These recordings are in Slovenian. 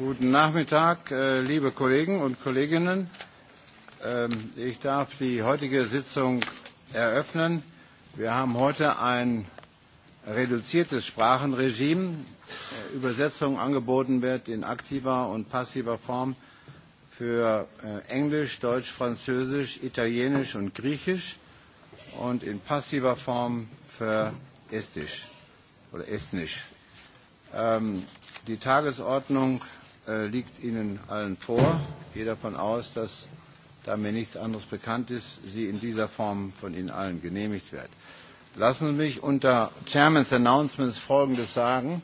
Guten Nachmittag, äh, liebe Kollegen und Kolleginnen. Ähm, ich darf die heutige Sitzung eröffnen. Wir haben heute ein reduziertes Sprachenregime. Äh, Übersetzung angeboten wird in aktiver und passiver Form für äh, Englisch, Deutsch, Französisch, Italienisch und Griechisch und in passiver Form für Estisch oder Estnisch. Ähm, die Tagesordnung Äh, liegt Ihnen allen vor. Ich gehe davon aus, dass, da mir nichts anderes bekannt ist, sie in dieser Form von Ihnen allen genehmigt wird. Lassen Sie mich unter Chairman's Announcements Folgendes sagen.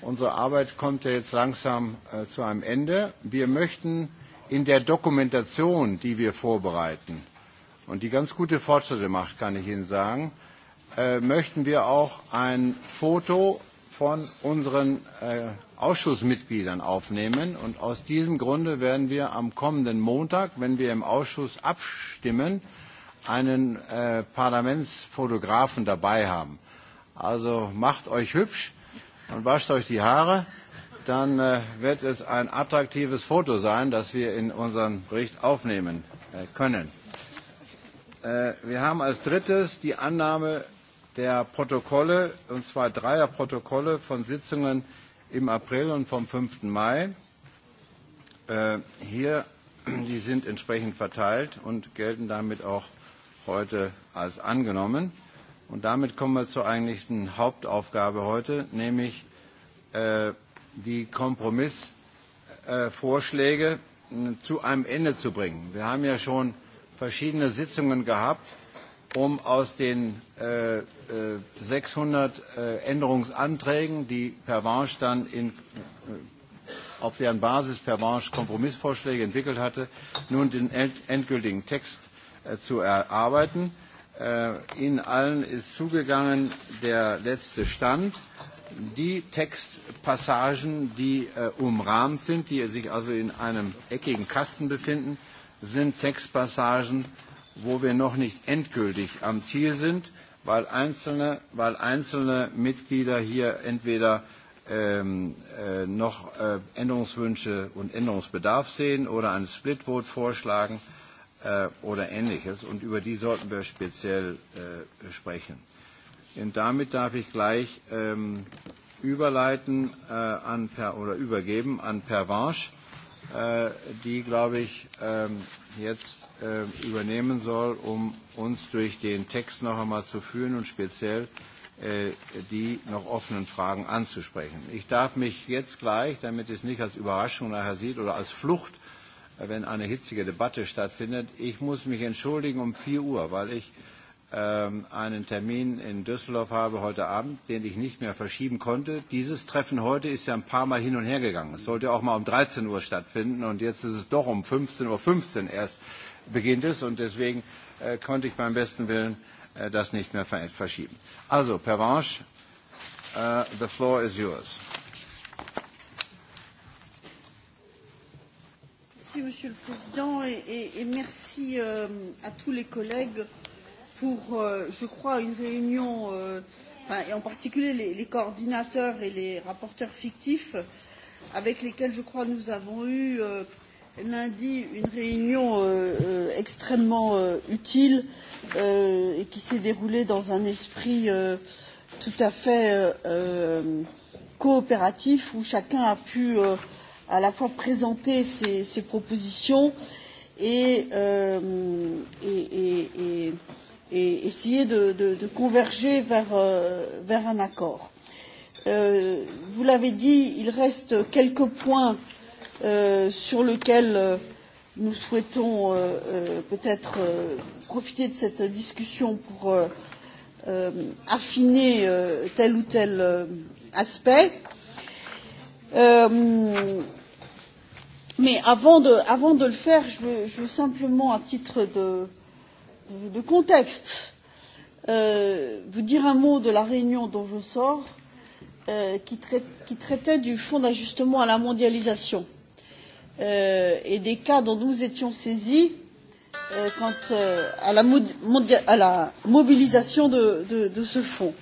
Unsere Arbeit kommt ja jetzt langsam äh, zu einem Ende. Wir möchten in der Dokumentation, die wir vorbereiten und die ganz gute Fortschritte macht, kann ich Ihnen sagen, äh, möchten wir auch ein Foto von unseren äh, Ausschussmitgliedern aufnehmen. Und aus diesem Grunde werden wir am kommenden Montag, wenn wir im Ausschuss abstimmen, einen äh, Parlamentsfotografen dabei haben. Also macht euch hübsch und wascht euch die Haare. Dann äh, wird es ein attraktives Foto sein, das wir in unseren Bericht aufnehmen äh, können. Äh, wir haben als drittes die Annahme der Protokolle, und zwar dreier Protokolle von Sitzungen im April und vom 5. Mai. Äh, hier, die sind entsprechend verteilt und gelten damit auch heute als angenommen. Und damit kommen wir zur eigentlichen Hauptaufgabe heute, nämlich äh, die Kompromissvorschläge äh, zu einem Ende zu bringen. Wir haben ja schon verschiedene Sitzungen gehabt um aus den äh, äh, 600 äh, Änderungsanträgen, die per Wansch dann in, äh, auf deren Basis per Wansch Kompromissvorschläge entwickelt hatte, nun den end endgültigen Text äh, zu erarbeiten. Äh, Ihnen allen ist zugegangen der letzte Stand. Die Textpassagen, die äh, umrahmt sind, die sich also in einem eckigen Kasten befinden, sind Textpassagen, wo wir noch nicht endgültig am Ziel sind, weil einzelne, weil einzelne Mitglieder hier entweder ähm, äh, noch äh, Änderungswünsche und Änderungsbedarf sehen oder einen Splitvote vorschlagen äh, oder ähnliches. Und über die sollten wir speziell äh, sprechen. Und damit darf ich gleich ähm, überleiten äh, an per, oder übergeben an Pervanche äh, die, glaube ich, ähm, jetzt äh, übernehmen soll, um uns durch den Text noch einmal zu führen und speziell äh, die noch offenen Fragen anzusprechen. Ich darf mich jetzt gleich, damit es nicht als Überraschung nachher sieht oder als Flucht, äh, wenn eine hitzige Debatte stattfindet, ich muss mich entschuldigen um 4 Uhr, weil ich äh, Ähm, einen Termin in Düsseldorf habe heute Abend, den ich nicht mehr verschieben konnte. Dieses Treffen heute ist ja ein paar Mal hin und her gegangen. Es sollte auch mal um 13 Uhr stattfinden und jetzt ist es doch um 15.15 .15 Uhr erst beginnt es und deswegen äh, konnte ich beim besten Willen äh, das nicht mehr verschieben. Also, Pervanche, uh, äh, the floor is yours. Merci, Monsieur le Président, et, et merci euh, à tous les collègues pour, euh, je crois, une réunion, euh, et en particulier les, les coordinateurs et les rapporteurs fictifs, avec lesquels, je crois, nous avons eu euh, lundi une réunion euh, euh, extrêmement euh, utile euh, et qui s'est déroulée dans un esprit euh, tout à fait euh, euh coopératif où chacun a pu euh, à la fois présenter ses, ses propositions et, euh, et, et, et et essayer de, de, de converger vers, euh, vers un accord. Euh, vous l'avez dit, il reste quelques points euh, sur lesquels euh, nous souhaitons euh, euh, peut-être euh, profiter de cette discussion pour euh, euh, affiner euh, tel ou tel euh, aspect. Euh, mais avant de, avant de le faire, je veux, je veux simplement, à titre de, euh, de euh, contexte euh, vous dire un mot de la réunion dont je sors euh, qui traitait du fonds d'ajustement à la mondialisation et des cas dont nous étions saisis quant à la mobilisation de ce fonds.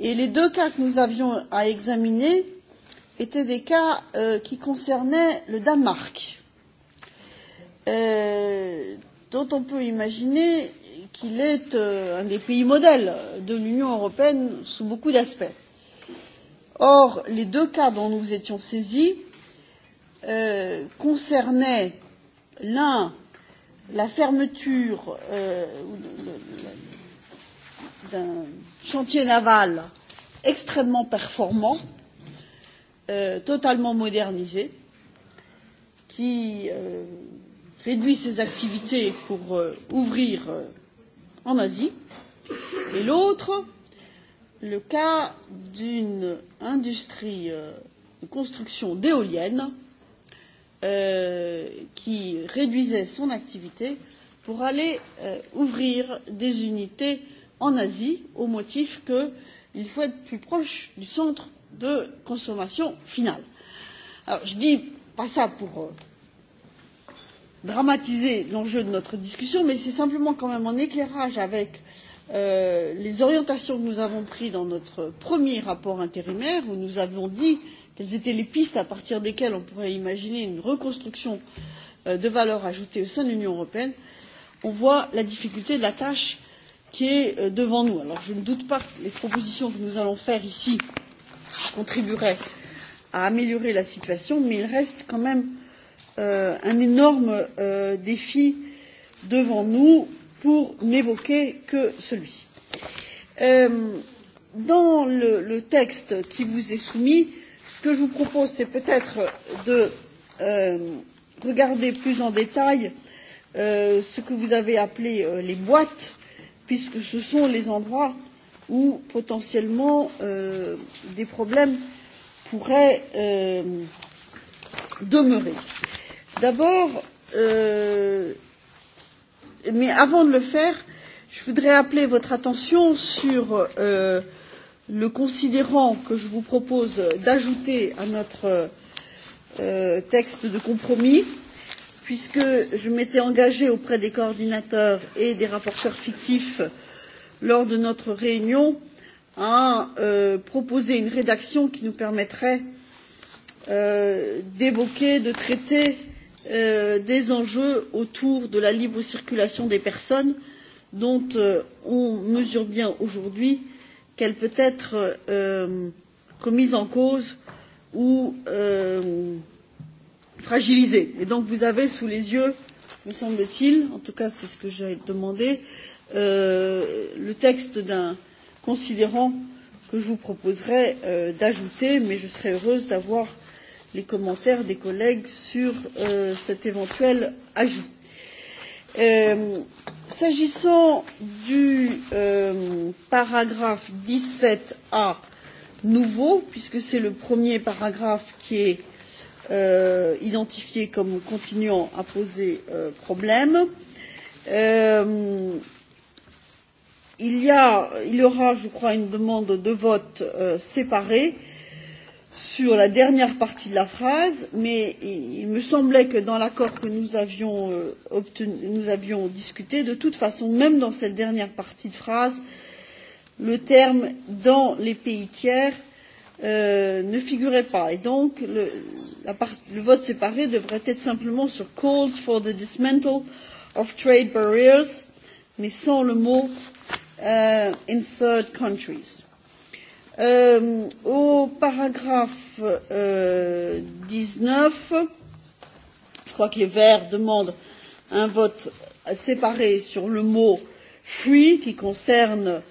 Et les deux cas que nous avions à examiner étaient des cas qui concernaient le Danemark dont on peut imaginer qu'il est euh, un des pays modèles de l'Union européenne sous beaucoup d'aspects. Or, les deux cas dont nous étions saisis euh, concernaient l'un la fermeture euh, d'un chantier naval extrêmement performant, euh, totalement modernisé, qui euh, réduit ses activités pour euh, ouvrir euh, en Asie et l'autre le cas d'une industrie euh, de construction d'éoliennes euh, qui réduisait son activité pour aller euh, ouvrir des unités en Asie au motif qu'il faut être plus proche du centre de consommation finale. Alors, je dis pas ça pour euh, dramatiser l'enjeu de notre discussion, mais c'est simplement quand même en éclairage avec euh, les orientations que nous avons prises dans notre premier rapport intérimaire, où nous avons dit quelles étaient les pistes à partir desquelles on pourrait imaginer une reconstruction euh, de valeur ajoutée au sein de l'Union européenne, on voit la difficulté de la tâche qui est euh, devant nous. Alors je ne doute pas que les propositions que nous allons faire ici contribueraient à améliorer la situation, mais il reste quand même euh, euh, un énorme euh, défi devant nous pour n'évoquer que celui ci. Euh, dans le, le texte qui vous est soumis, ce que je vous propose, c'est peut être de euh, regarder plus en détail euh, ce que vous avez appelé euh, les boîtes, puisque ce sont les endroits où potentiellement euh, des problèmes pourraient euh, demeurer. Euh, D'abord, euh, mais avant de le faire, je voudrais appeler votre attention sur euh, le considérant que je vous propose d'ajouter à notre euh, texte de compromis, puisque je m'étais engagée auprès des coordinateurs et des rapporteurs fictifs lors de notre réunion à euh, proposer une rédaction qui nous permettrait euh, d'évoquer, de traiter euh, Euh, des enjeux autour de la libre circulation des personnes dont euh, on mesure bien aujourd'hui qu'elle peut être euh, remise en cause ou euh, fragilisée. Et donc vous avez sous les yeux, me semble-t-il, en tout cas c'est ce que j'ai demandé, euh, le texte d'un considérant que je vous proposerai euh, d'ajouter, mais je serais heureuse d'avoir euh, les commentaires des collègues sur euh, cet éventuel ajout. Euh, S'agissant du euh, paragraphe 17A nouveau, puisque c'est le premier paragraphe qui est euh, identifié comme continuant à poser euh, problème, euh, il, y a, il y aura, je crois, une demande de vote euh, séparée. Euh, sur la dernière partie de la phrase, mais il me semblait que dans l'accord que nous avions, euh, obtenu, nous avions discuté, de toute façon, même dans cette dernière partie de phrase, le terme dans les pays tiers euh, ne figurait pas. Et donc, le, la part, le vote séparé devrait être simplement sur calls for the dismantle of trade barriers, mais sans le mot euh, in third countries. Euh, au paragraphe euh, 19, je crois que les Verts demandent un vote séparé sur le mot fuit qui concerne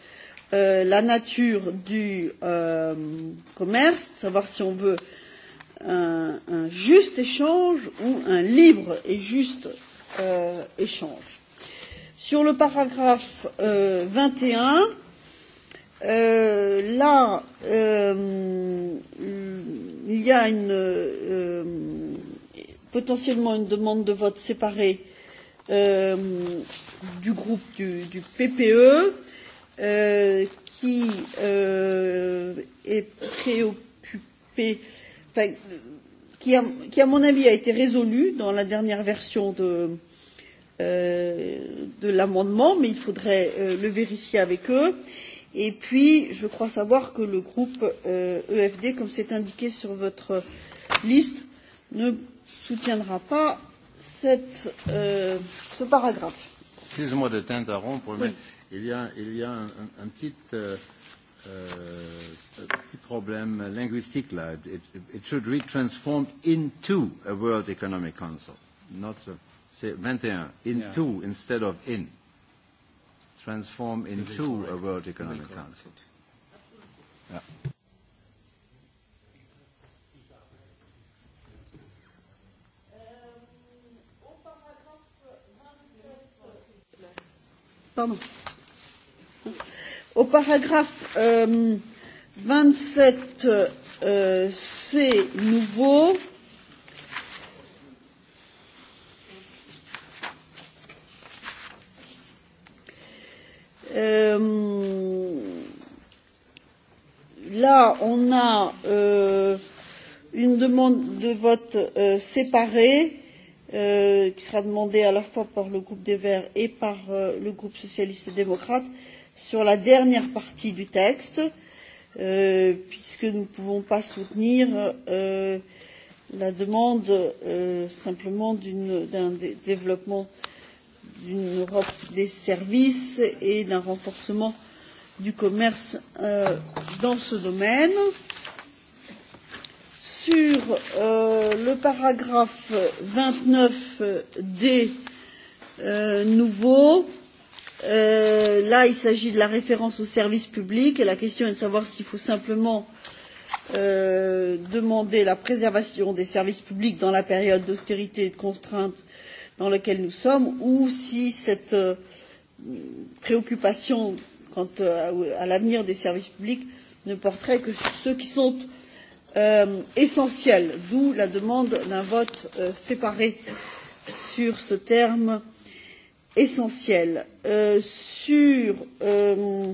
euh, la nature du euh, commerce, savoir si on veut un, un juste échange ou un libre et juste euh, échange. Sur le paragraphe euh, 21, Euh, là, euh, il y a une, euh, potentiellement une demande de vote séparé euh, du groupe du, du PPE euh, qui euh, est préoccupé. Enfin, qui à, qui, à mon avis, a été résolu dans la dernière version de, euh, de l'amendement, mais il faudrait euh, le vérifier avec eux. Euh, Et puis, je crois savoir que le groupe euh, EFD, comme c'est indiqué sur votre liste, ne soutiendra pas cette, euh, ce paragraphe. Excusez-moi de t'interrompre, mais oui. il y a, il y a un, un, un, petit, euh, euh un petit problème linguistique là. It, it should read transformed into a World Economic Council. C'est 21, into yeah. instead of in transform into a World Economic Council. Yeah. Pardon. Au paragraphe euh, 27 euh, C nouveau, euh, on a euh, une demande de vote euh, séparée euh, qui sera demandée à la fois par le groupe des Verts et par euh, le groupe socialiste démocrate sur la dernière partie du texte, euh, puisque nous ne pouvons pas soutenir euh, la demande euh, simplement d'un développement d'une Europe des services et d'un renforcement euh, du commerce euh, dans ce domaine. Sur euh, le paragraphe 29 des euh, nouveaux, euh, là il s'agit de la référence au service public et la question est de savoir s'il faut simplement euh, demander la préservation des services publics dans la période d'austérité et de contrainte dans laquelle nous sommes ou si cette euh, préoccupation quant euh, à l'avenir des services publics ne porterait que sur ceux qui sont euh, essentiels, d'où la demande d'un vote euh, séparé sur ce terme essentiel. Euh, sur euh,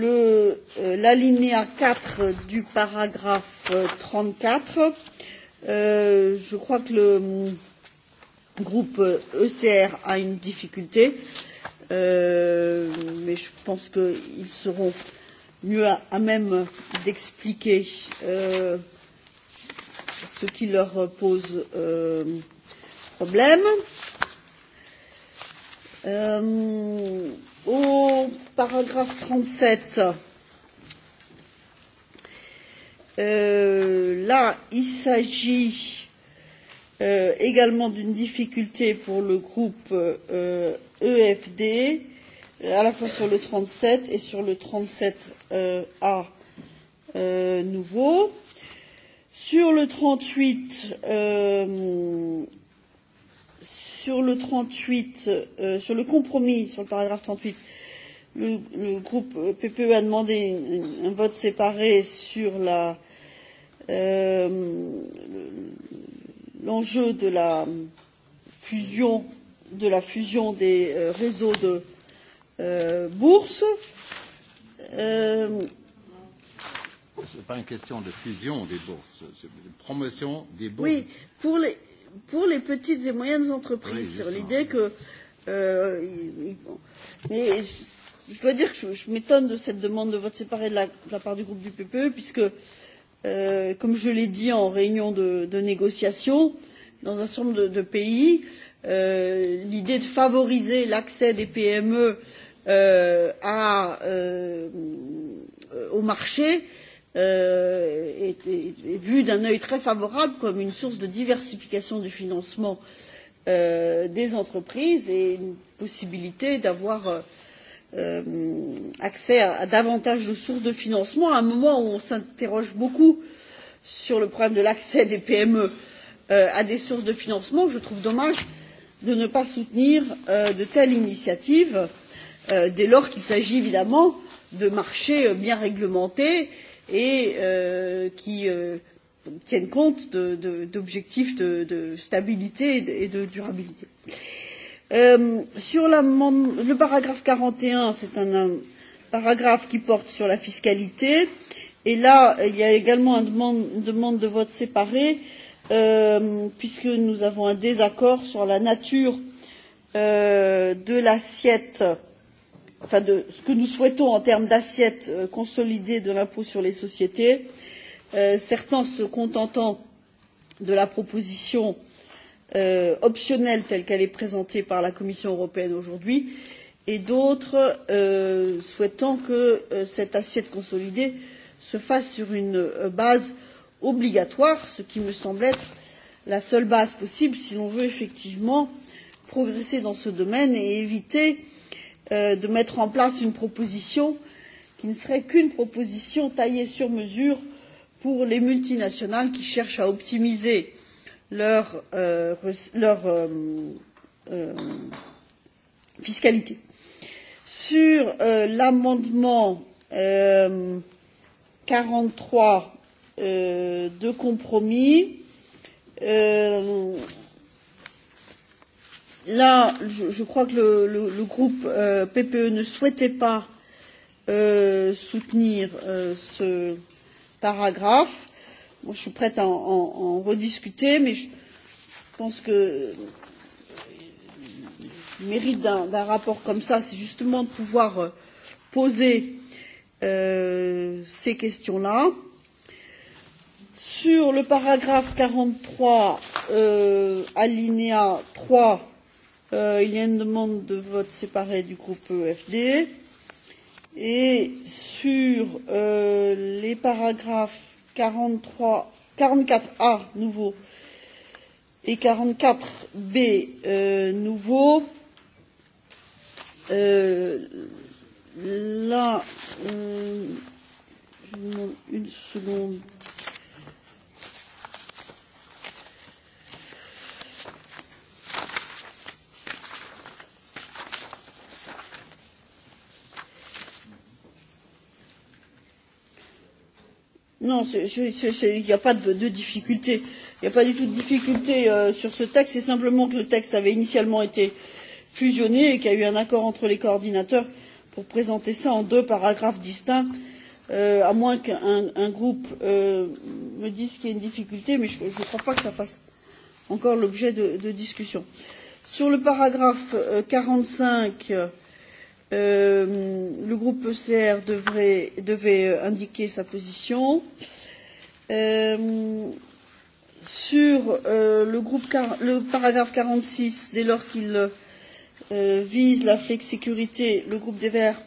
euh l'alinéa euh, 4 du paragraphe 34, euh, euh, je crois que le groupe ECR e a une difficulté. Euh, Euh, mais je pense qu'ils seront mieux à, à même d'expliquer euh, ce qui leur pose euh, problème. Euh, au paragraphe 37, euh, là, il s'agit euh, également d'une difficulté pour le groupe euh, EFD, à la fois sur le 37 et sur le 37A euh, euh, nouveau. Sur le 38, euh, sur le 38, euh, sur le compromis, sur le paragraphe 38, le, le groupe euh, PPE a demandé une, une, un vote séparé sur la euh, l'enjeu de la fusion de la fusion des euh, réseaux de euh, bourses. Euh... Ce n'est pas une question de fusion des bourses, c'est de promotion des bourses. Oui, pour les, pour les petites et moyennes entreprises, oui, sur l'idée que. Euh, y, y, bon. Mais je, je dois dire que je, je m'étonne de cette demande de vote séparé de la, de la part du groupe du PPE, puisque, euh, comme je l'ai dit en réunion de, de négociation, dans un certain nombre de, de pays, euh, Euh, l'idée de favoriser l'accès des PME euh, à, euh, au marché euh, est, est, est vue d'un œil très favorable comme une source de diversification du financement euh, des entreprises et une possibilité d'avoir euh, euh accès à, à davantage de sources de financement à un moment où on s'interroge beaucoup sur le problème de l'accès des PME euh, à des sources de financement. Je trouve dommage euh, de ne pas soutenir euh, de telles initiatives euh, dès lors qu'il s'agit évidemment de marchés euh, bien réglementés et qui tiennent compte d'objectifs de, de, de, de stabilité et de durabilité. Euh, sur la, le paragraphe 41, c'est un, un paragraphe qui porte sur la fiscalité. Et là, il y a également un demande, une demande de vote séparé euh, Euh, puisque nous avons un désaccord sur la nature euh, de l'assiette enfin de ce que nous souhaitons en termes d'assiette euh, consolidée de l'impôt sur les sociétés euh, certains se contentant de la proposition euh, optionnelle telle qu'elle est présentée par la commission européenne aujourd'hui et d'autres euh, souhaitant que euh, cette assiette consolidée se fasse sur une euh, base euh, obligatoire, ce qui me semble être la seule base possible si l'on veut effectivement progresser dans ce domaine et éviter euh, de mettre en place une proposition qui ne serait qu'une proposition taillée sur mesure pour les multinationales qui cherchent à optimiser leur, euh, leur euh, euh, fiscalité. Sur euh, l'amendement euh, 43 euh, de compromis. Euh, là, je, je crois que le, le, le groupe euh, PPE ne souhaitait pas euh, soutenir euh, ce paragraphe. Moi, je suis prête à en, en, en rediscuter, mais je pense que le euh, mérite d'un rapport comme ça, c'est justement de pouvoir euh, poser euh, ces questions-là sur le paragraphe 43, euh, alinéa 3, euh, il y a une demande de vote séparé du groupe EFD. Et sur euh, les paragraphes 43, 44A nouveau et 44B euh, nouveau, euh, là, euh, je demande une seconde. Non, il n'y a pas de, de difficulté. Il n'y a pas du tout de difficulté euh, sur ce texte. C'est simplement que le texte avait initialement été fusionné et qu'il y a eu un accord entre les coordinateurs pour présenter ça en deux paragraphes distincts. Euh, à moins qu'un un groupe euh, me dise qu'il y a une difficulté, mais je ne crois pas que ça fasse encore l'objet de, de discussion. Sur le paragraphe euh, 45. Euh, Euh, le groupe ECR devrait, devait euh, indiquer sa position. Euh, sur euh, le, groupe, le paragraphe 46, dès lors qu'il euh, vise la flexicurité, le groupe des Verts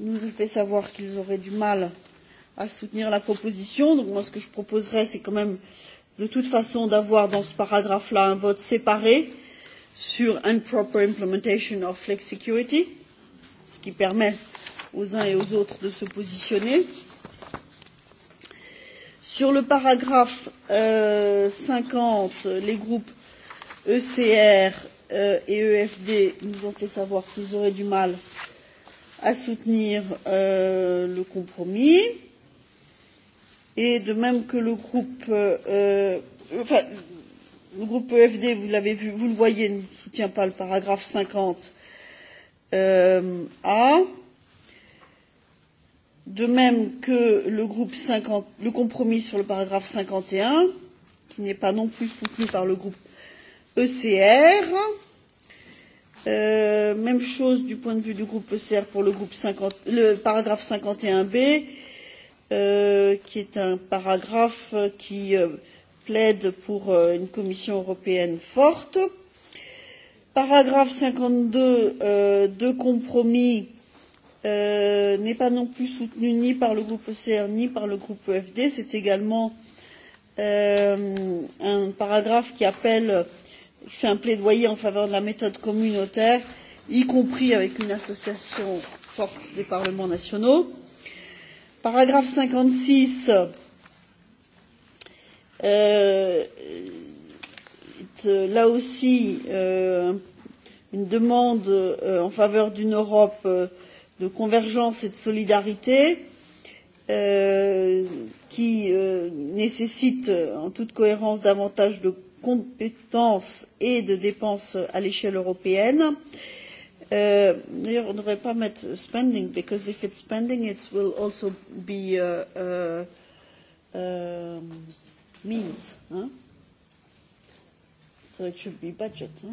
nous a fait savoir qu'ils auraient du mal à soutenir la proposition. Donc moi, ce que je proposerais, c'est quand même de toute façon d'avoir dans ce paragraphe-là un vote séparé sur improper implementation of flexicurity. Euh, ce qui permet aux uns et aux autres de se positionner. Sur le paragraphe euh, 50, les groupes ECR euh, et EFD nous ont fait savoir qu'ils auraient du mal à soutenir euh, le compromis. Et de même que le groupe, euh, enfin, le groupe EFD, vous l'avez vu, vous le voyez, ne soutient pas le paragraphe 50 euh, A, de même que le, groupe 50, le compromis sur le paragraphe 51, qui n'est pas non plus soutenu par le groupe ECR. Euh, même chose du point de vue du groupe ECR pour le, groupe 50, le paragraphe 51B, euh, qui est un paragraphe qui euh, plaide pour euh, une Commission européenne forte paragraphe 52 euh, de compromis euh, n'est pas non plus soutenu ni par le groupe OCR e ni par le groupe EFD. C'est également euh, un paragraphe qui appelle, fait un plaidoyer en faveur de la méthode communautaire, y compris avec une association forte des parlements nationaux. Paragraphe 56. Euh, acte euh, là aussi euh, une demande euh, en faveur d'une Europe euh, de convergence et de solidarité euh, qui euh, nécessite en toute cohérence davantage de compétences et de dépenses à l'échelle européenne. Euh, D'ailleurs, on ne devrait pas mettre spending, because if it's spending, it will also be uh, uh, means. Hein? ça va être chez Budget. Hein.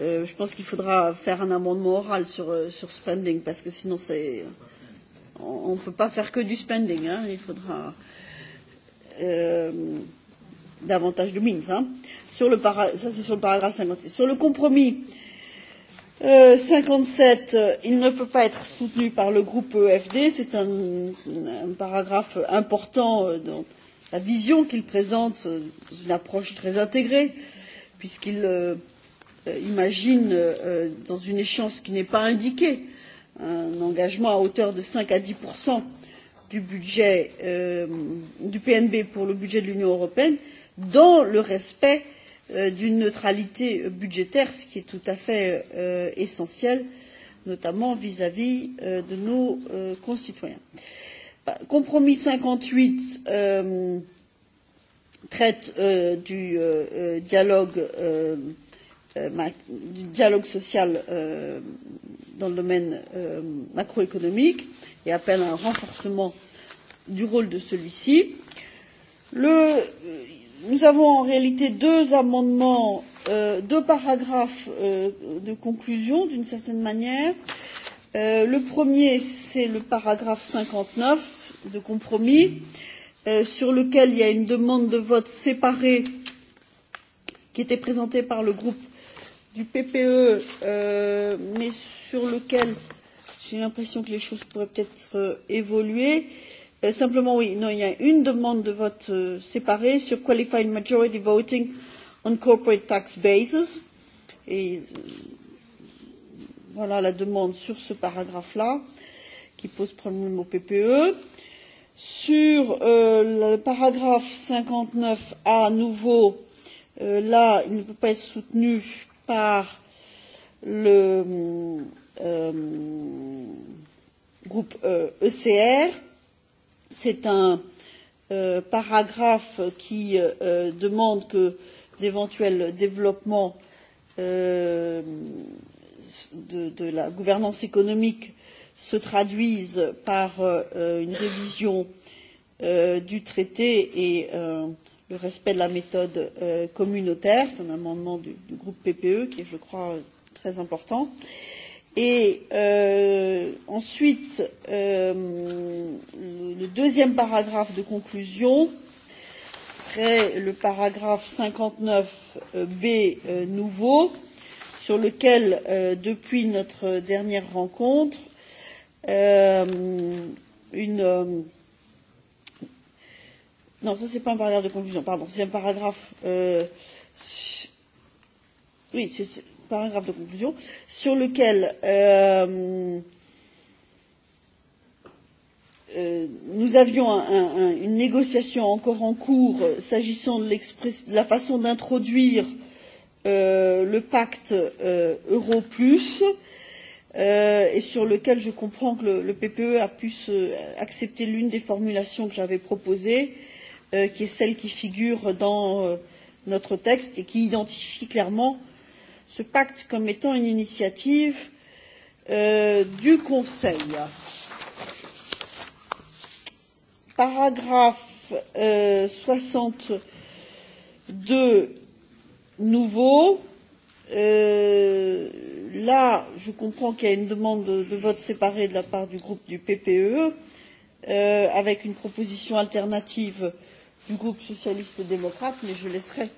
Euh, je pense qu'il faudra faire un amendement oral sur, euh, sur spending parce que sinon c'est on ne peut pas faire que du spending. Hein. Il faudra euh, davantage de mines. Hein. Sur le para... Ça, c'est sur le paragraphe 56. Sur le compromis euh, 57, euh, il ne peut pas être soutenu par le groupe EFD. C'est un, un paragraphe important euh, dans, euh, la vision qu'il présente euh, dans une approche très intégrée, puisqu'il euh, euh imagine euh, euh, dans une échéance qui n'est pas indiquée un engagement à hauteur de 5 à 10 du budget euh, du PNB pour le budget de l'Union européenne dans le respect euh, d'une neutralité budgétaire, ce qui est tout à fait euh, essentiel, notamment vis-à-vis -vis, euh, de nos euh, concitoyens. Euh, Compromis 58 euh, traite euh, du, euh, euh dialogue, euh, euh, du dialogue social euh, dans le domaine euh, macroéconomique et appelle à un renforcement du rôle de celui-ci. Le, euh, nous avons en réalité deux amendements, euh, deux paragraphes euh, de conclusion d'une certaine manière. Euh, Euh, le premier, c'est le paragraphe 59 de compromis, euh, sur lequel il y a une demande de vote séparée qui était présentée par le groupe du PPE, euh, mais sur lequel j'ai l'impression que les choses pourraient peut-être euh, évoluer. Euh, simplement, oui, non, il y a une demande de vote euh, séparée sur qualified majority voting on corporate tax basis. Et, euh, voilà la demande sur ce paragraphe-là qui pose problème au PPE. Sur euh, le paragraphe 59A à nouveau, euh, là, il ne peut pas être soutenu par le euh, groupe euh, ECR. C'est un euh, paragraphe qui euh, demande que d'éventuels développements euh, de, de la gouvernance économique se traduisent par euh, une révision euh, du traité et euh, le respect de la méthode euh, communautaire. C'est un amendement du, du groupe PPE qui est, je crois, très important. Et euh, ensuite, euh, le deuxième paragraphe de conclusion serait le paragraphe 59B euh, euh, nouveau. Euh, sur lequel euh, depuis notre dernière rencontre euh, une euh, non ça c'est pas un paragraphe de conclusion pardon c'est un paragraphe euh, oui c'est un paragraphe de conclusion sur lequel euh, nous avions un, un, une négociation encore en cours s'agissant de, de la façon d'introduire euh, Euh, le pacte euh, euro plus euh, et sur lequel je comprends que le, le PPE a pu euh, accepter l'une des formulations que j'avais proposées, euh, qui est celle qui figure dans euh, notre texte et qui identifie clairement ce pacte comme étant une initiative euh, du Conseil. Paragraphe euh, 62 nouveau. Euh, là, je comprends qu'il y a une demande de, de vote séparé de la part du groupe du PPE, euh, avec une proposition alternative du groupe socialiste démocrate, mais je laisserai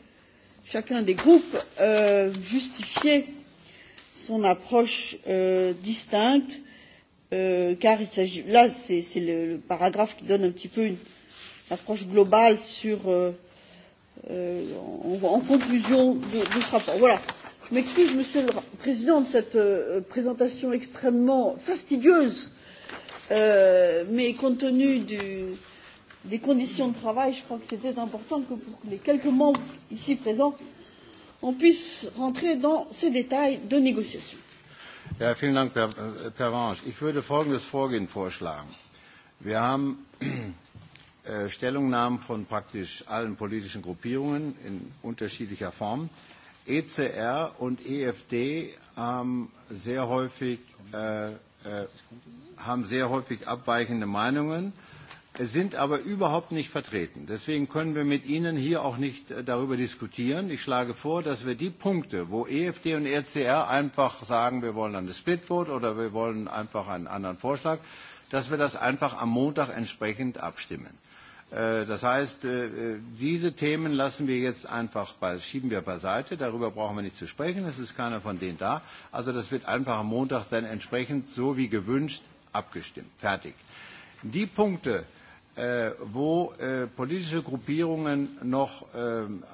chacun des groupes euh, justifier son approche euh, distincte, euh, car il s'agit là c'est le, le paragraphe qui donne un petit peu une approche globale sur euh, euh, en, en conclusion de, de ce rapport. Voilà. Je m'excuse, Monsieur le Président, de cette euh, présentation extrêmement fastidieuse, euh, mais compte tenu du, des conditions de travail, je crois que c'était important que pour les quelques membres ici présents, on puisse rentrer dans ces détails de négociation. Ja, vielen Dank, Herr Ich würde folgendes Vorgehen vorschlagen. Wir haben Äh, Stellungnahmen von praktisch allen politischen Gruppierungen in unterschiedlicher Form. ECR und EFD haben sehr häufig, äh, äh, haben sehr häufig abweichende Meinungen, sind aber überhaupt nicht vertreten. Deswegen können wir mit Ihnen hier auch nicht äh, darüber diskutieren. Ich schlage vor, dass wir die Punkte, wo EFD und ECR einfach sagen, wir wollen eine Splitboard oder wir wollen einfach einen anderen Vorschlag, dass wir das einfach am Montag entsprechend abstimmen. Äh, das heißt, äh, äh, diese Themen lassen wir jetzt einfach bei, schieben wir beiseite. Darüber brauchen wir nicht zu sprechen. Es ist keiner von denen da. Also das wird einfach am Montag dann entsprechend so wie gewünscht abgestimmt. Fertig. Die Punkte, wo politische Gruppierungen noch ähm,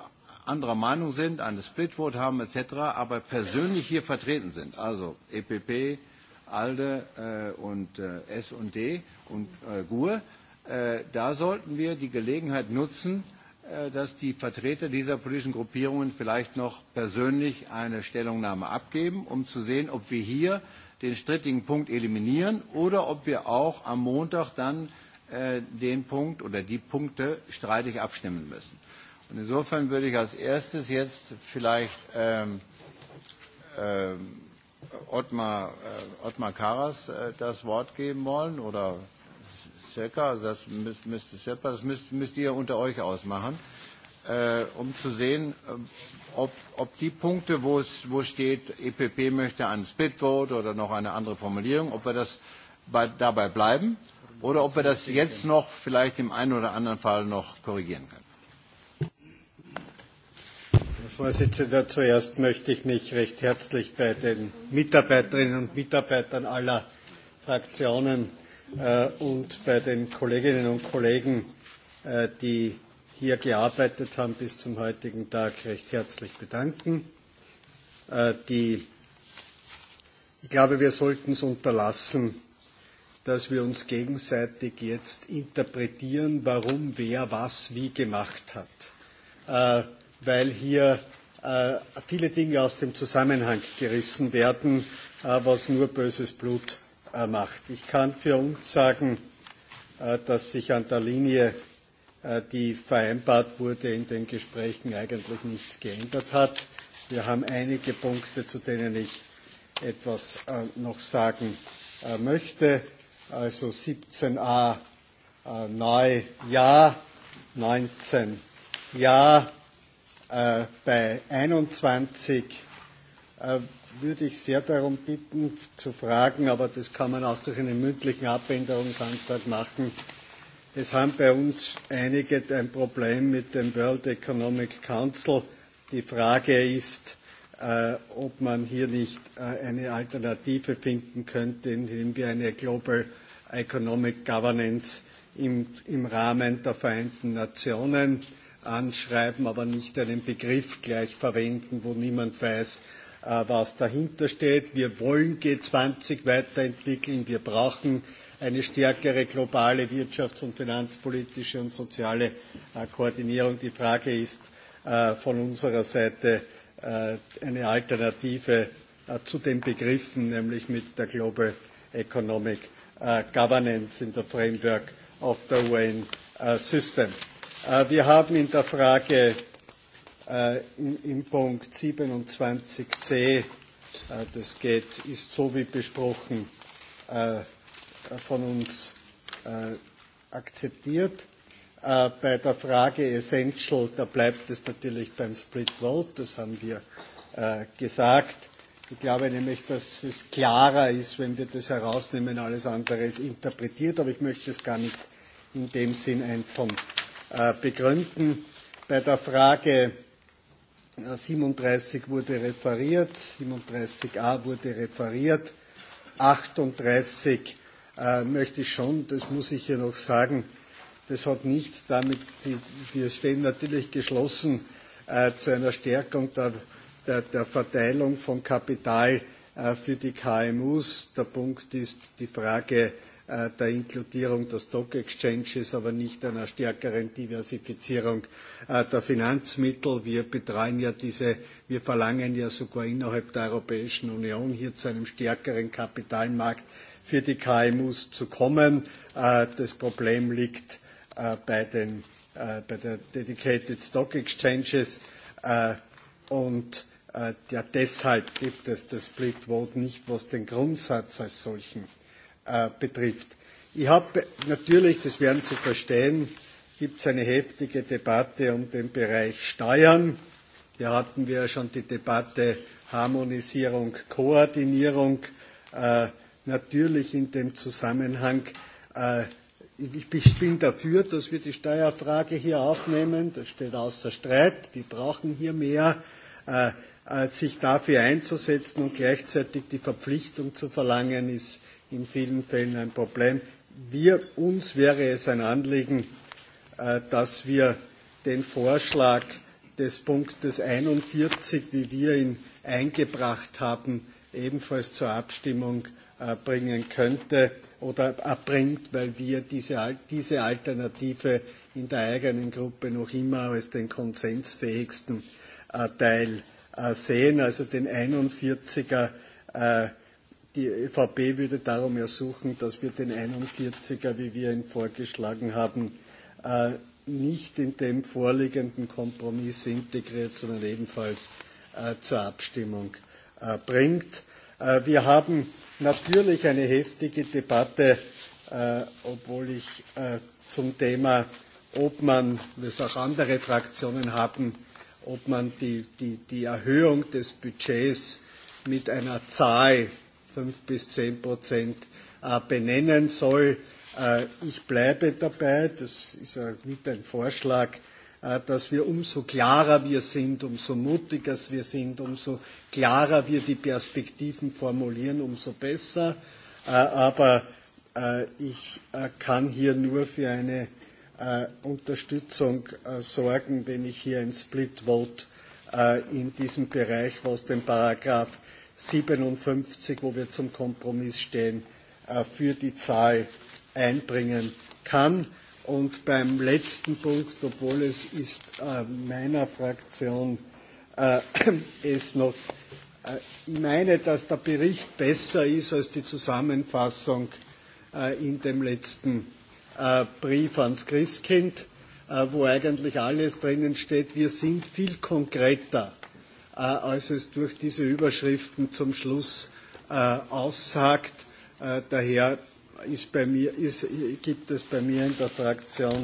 anderer Meinung sind, eine Splitvote haben etc., aber persönlich hier vertreten sind, also EPP, ALDE äh, und äh, S und D und äh, GUE, Äh, da sollten wir die Gelegenheit nutzen, äh, dass die Vertreter dieser politischen Gruppierungen vielleicht noch persönlich eine Stellungnahme abgeben, um zu sehen, ob wir hier den strittigen Punkt eliminieren oder ob wir auch am Montag dann äh, den Punkt oder die Punkte streitig abstimmen müssen. Und insofern würde ich als erstes jetzt vielleicht ähm, ähm, Ottmar, äh, Ottmar Karas äh, das Wort geben wollen oder circa, das müsst, müsst, circa, das müsst, müsst ihr unter euch ausmachen, äh, um zu sehen, äh, ob, ob die Punkte, wo es wo steht, EPP möchte einen Spitboard oder noch eine andere Formulierung, ob wir das bei, dabei bleiben oder ob wir das jetzt noch vielleicht im einen oder anderen Fall noch korrigieren können. Herr Vorsitzender, zuerst möchte ich mich recht herzlich bei den Mitarbeiterinnen und Mitarbeitern aller Fraktionen äh, und bei den Kolleginnen und Kollegen, äh, die hier gearbeitet haben bis zum heutigen Tag, recht herzlich bedanken. Äh, die, ich glaube, wir sollten es unterlassen, dass wir uns gegenseitig jetzt interpretieren, warum wer was wie gemacht hat, äh, weil hier äh, viele Dinge aus dem Zusammenhang gerissen werden, äh, was nur böses Blut Äh, macht. Ich kann für uns sagen, äh, dass sich an der Linie, äh, die vereinbart wurde, in den Gesprächen eigentlich nichts geändert hat. Wir haben einige Punkte, zu denen ich etwas noch sagen möchte. Also 17a neu Ja, 19 Ja bei 21 würde ich sehr darum bitten, zu fragen, aber das kann man auch durch einen mündlichen Abänderungsantrag machen. Es haben bei uns einige ein Problem mit dem World Economic Council. Die Frage ist, äh, ob man hier nicht äh, eine Alternative finden könnte, indem wir eine Global Economic Governance im, im Rahmen der Vereinten Nationen anschreiben, aber nicht einen Begriff gleich verwenden, wo niemand weiß, äh, was dahinter steht. Wir wollen G20 weiterentwickeln. Wir brauchen eine stärkere globale wirtschafts- und finanzpolitische und soziale äh, Koordinierung. Die Frage ist äh, von unserer Seite äh, eine Alternative äh, zu den Begriffen, nämlich mit der Global Economic äh, Governance in der Framework of the UN äh, System. Äh, wir haben in der Frage äh, Äh, im Punkt 27c, äh, das geht, ist so wie besprochen äh, von uns akzeptiert. Bei der Frage Essential, da bleibt es natürlich beim Split Vote, das haben wir gesagt. Ich glaube nämlich, dass es klarer ist, wenn wir das herausnehmen, alles andere ist interpretiert, aber ich möchte es gar nicht in dem Sinn einzeln begründen. Bei der Frage äh, 37 äh, wurde referiert, 37a wurde referiert, 38 äh, möchte ich schon, das muss ich hier noch sagen, das hat nichts damit, die, wir stehen natürlich geschlossen äh, zu einer Stärkung der, der, der Verteilung von Kapital äh, für die KMUs. Der Punkt ist die Frage, Äh, der Inkludierung der Stock Exchanges, aber nicht einer stärkeren Diversifizierung äh, der Finanzmittel. Wir betreuen ja diese, wir verlangen ja sogar innerhalb der Europäischen Union hier zu einem stärkeren Kapitalmarkt für die KMUs zu kommen. Äh, das Problem liegt bei den bei der Dedicated Stock Exchanges äh, und äh, ja, deshalb gibt es das Split Vote nicht, was den Grundsatz als solchen Äh, betrifft. Ich habe natürlich, das werden Sie verstehen, gibt es eine heftige Debatte um den Bereich Steuern. Hier hatten wir ja schon die Debatte Harmonisierung, Koordinierung. Äh, natürlich in dem Zusammenhang, äh, ich, ich bin dafür, dass wir die Steuerfrage hier aufnehmen. Das steht außer Streit. Wir brauchen hier mehr. Äh, äh sich dafür einzusetzen und gleichzeitig die Verpflichtung zu verlangen, ist, in vielen Fällen ein Problem. Wir, uns wäre es ein Anliegen, äh, dass wir den Vorschlag des Punktes 41, wie wir ihn eingebracht haben, ebenfalls zur Abstimmung äh, bringen könnte oder erbringt, weil wir diese, diese Alternative in der eigenen Gruppe noch immer als den konsensfähigsten äh, Teil sehen. Also den 41er äh, die ÖVP würde darum ersuchen, dass wir den 41er, wie wir ihn vorgeschlagen haben, äh, nicht in dem vorliegenden Kompromiss integriert, sondern ebenfalls äh, zur Abstimmung äh, bringt. Wir haben natürlich eine heftige Debatte, obwohl ich zum Thema, ob man, wie es auch andere Fraktionen haben, ob man die, die, die Erhöhung des Budgets mit einer Zahl fünf bis zehn Prozent äh, benennen soll. Äh, ich bleibe dabei, das ist ja mit ein Vorschlag, äh, dass wir umso klarer wir sind, umso mutiger wir sind, umso klarer wir die Perspektiven formulieren, umso besser. Aber ich kann hier nur für eine Unterstützung sorgen, wenn ich hier ein Split Vote in diesem Bereich, was den Paragraph 57, wo wir zum Kompromiss stehen, äh, für die Zahl einbringen kann. Und beim letzten Punkt, obwohl es ist äh, meiner Fraktion äh, es noch, ich meine, dass der Bericht besser ist als die Zusammenfassung in dem letzten Brief ans Christkind, wo eigentlich alles drinnen steht. Wir sind viel konkreter äh, als es durch diese Überschriften zum Schluss äh, aussagt. Äh, daher ist bei mir, ist, gibt es bei mir in der Fraktion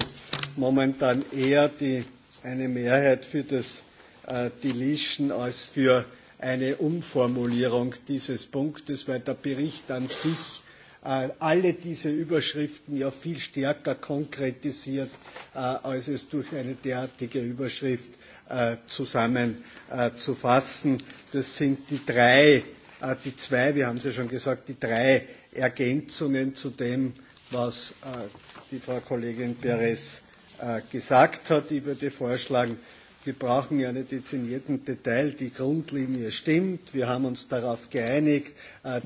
momentan eher die, eine Mehrheit für das äh, Deletion als für eine Umformulierung dieses Punktes, weil der Bericht an sich äh, alle diese Überschriften ja viel stärker konkretisiert, äh, als es durch eine derartige Überschrift äh, Äh, zusammenzufassen. Äh, das sind die drei, äh, die zwei, wir haben es ja schon gesagt, die drei Ergänzungen zu dem, was die Frau Kollegin Perez gesagt hat. Ich würde vorschlagen, wir brauchen ja nicht jetzt in jedem Detail, die Grundlinie stimmt, wir haben uns darauf geeinigt,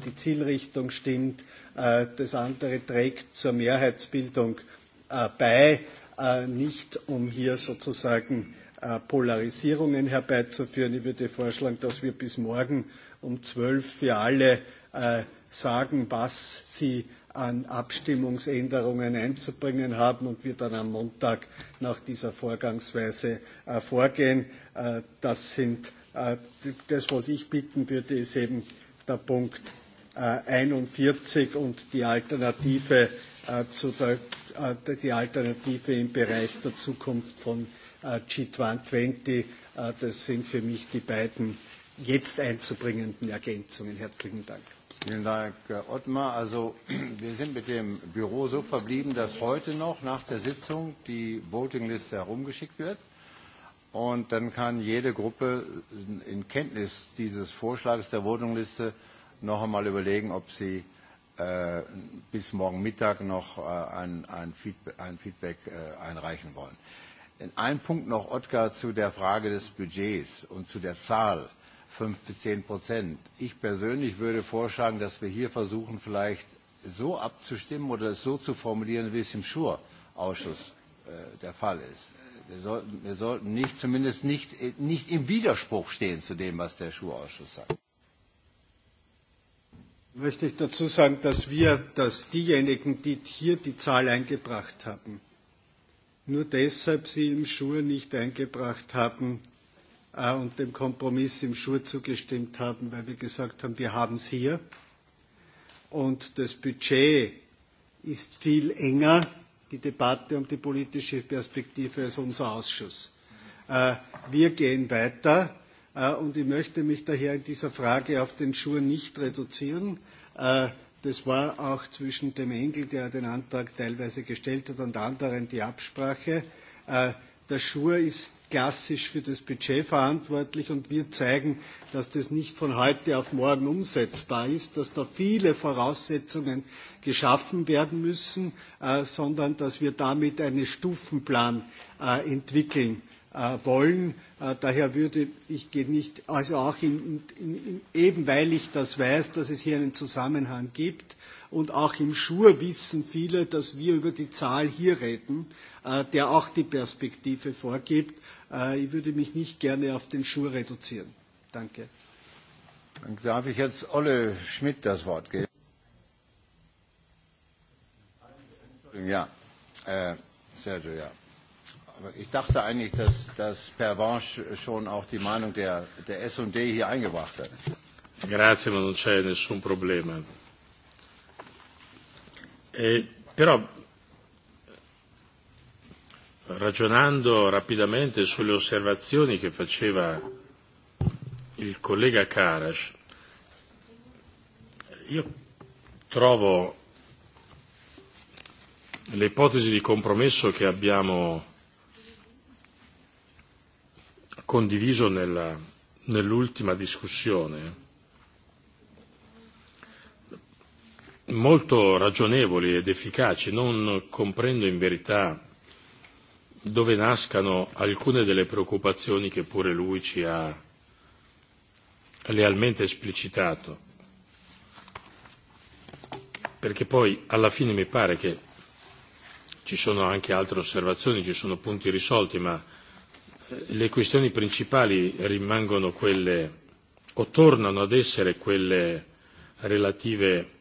die Zielrichtung stimmt, das andere trägt zur Mehrheitsbildung bei, nicht um hier sozusagen Äh, Polarisierungen herbeizuführen. Ich würde vorschlagen, dass wir bis morgen um zwölf für alle äh, sagen, was sie an Abstimmungsänderungen einzubringen haben und wir dann am Montag nach dieser Vorgangsweise äh, vorgehen. Das sind das, was ich bitten würde, ist eben der Punkt 41 und die Alternative, zu der, die Alternative im Bereich der Zukunft von Äh, G20. Äh, das sind für mich die beiden jetzt einzubringenden Ergänzungen. Herzlichen Dank. Vielen Dank, Herr äh, Ottmar. Also wir sind mit dem Büro so verblieben, dass heute noch nach der Sitzung die Votingliste herumgeschickt wird. Und dann kann jede Gruppe in Kenntnis dieses Vorschlags der Votingliste noch einmal überlegen, ob sie äh, bis morgen Mittag noch äh, ein, ein Feedback, ein Feedback äh, einreichen wollen. In ein Punkt noch, Ottgar, zu der Frage des Budgets und zu der Zahl fünf bis zehn Prozent. Ich persönlich würde vorschlagen, dass wir hier versuchen, vielleicht so abzustimmen oder es so zu formulieren, wie es im Schur-Ausschuss äh, der Fall ist. Wir sollten, wir sollten nicht, zumindest nicht, äh, nicht im Widerspruch stehen zu dem, was der Schur-Ausschuss sagt. Möchte ich dazu sagen, dass wir, dass diejenigen, die hier die Zahl eingebracht haben, nur deshalb sie im Schur nicht eingebracht haben äh, und dem Kompromiss im Schur zugestimmt haben, weil wir gesagt haben, wir haben es hier und das Budget ist viel enger, die Debatte um die politische Perspektive als unser Ausschuss. Äh, wir gehen weiter äh, und ich möchte mich daher in dieser Frage auf den Schur nicht reduzieren. Äh, Das war auch zwischen dem Engel, der den Antrag teilweise gestellt hat, und anderen die Absprache. Äh, der Schur ist klassisch für das Budget verantwortlich und wir zeigen, dass das nicht von heute auf morgen umsetzbar ist, dass da viele Voraussetzungen geschaffen werden müssen, äh, sondern dass wir damit einen Stufenplan äh, entwickeln äh, wollen. Äh, daher würde ich nicht, also auch in, in, in, eben weil ich das weiß, dass es hier einen Zusammenhang gibt und auch im Schur wissen viele, dass wir über die Zahl hier reden, äh, der auch die Perspektive vorgibt. Äh, ich würde mich nicht gerne auf den Schur reduzieren. Danke. Dann darf ich jetzt Olle Schmidt das Wort geben. Ja, äh, Sergio, ja ich dachte eigentlich, dass, dass Per Vance schon auch die Meinung der, der S&D hier eingebracht hat. Grazie, ma non c'è nessun problema. E, però, ragionando rapidamente sulle osservazioni che faceva il collega Karas, io trovo l'ipotesi di compromesso che abbiamo condiviso nella, nell'ultima discussione, molto ragionevoli ed efficaci, non comprendo in verità dove nascano alcune delle preoccupazioni che pure lui ci ha lealmente esplicitato, perché poi alla fine mi pare che ci sono anche altre osservazioni, ci sono punti risolti, ma le questioni principali rimangono quelle o tornano ad essere quelle relative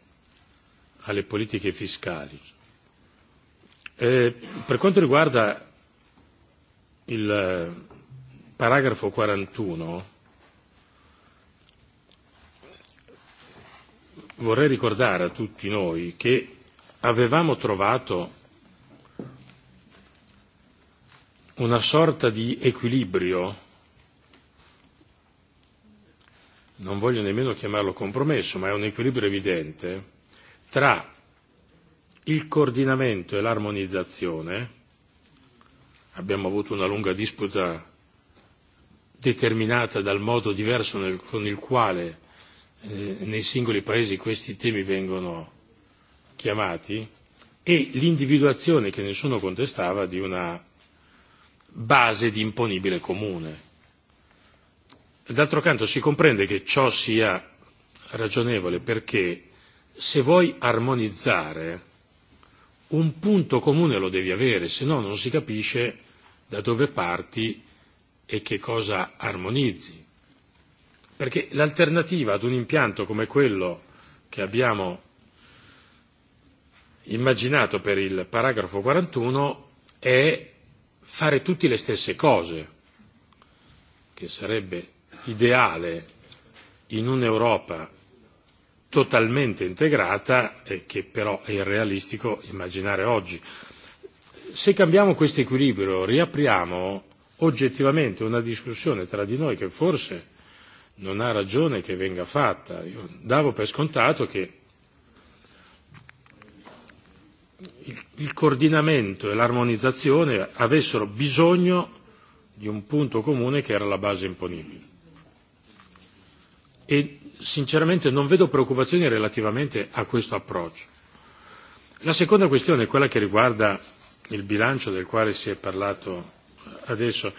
alle politiche fiscali. Eh, per quanto riguarda il paragrafo 41, vorrei ricordare a tutti noi che avevamo trovato una sorta di equilibrio, non voglio nemmeno chiamarlo compromesso, ma è un equilibrio evidente, tra il coordinamento e l'armonizzazione. Abbiamo avuto una lunga disputa determinata dal modo diverso nel, con il quale eh, nei singoli paesi questi temi vengono chiamati e l'individuazione che nessuno contestava di una base di imponibile comune. D'altro canto si comprende che ciò sia ragionevole perché se vuoi armonizzare un punto comune lo devi avere, se no non si capisce da dove parti e che cosa armonizzi. Perché l'alternativa ad un impianto come quello che abbiamo immaginato per il paragrafo 41 è fare tutti le stesse cose, che sarebbe ideale in un'Europa totalmente integrata e che però è irrealistico immaginare oggi. Se cambiamo questo equilibrio, riapriamo oggettivamente una discussione tra di noi che forse non ha ragione che venga fatta. Io davo per scontato che il coordinamento e l'armonizzazione avessero bisogno di un punto comune che era la base imponibile. E sinceramente non vedo preoccupazioni relativamente a questo approccio. La seconda questione è quella che riguarda il bilancio del quale si è parlato eh, adesso.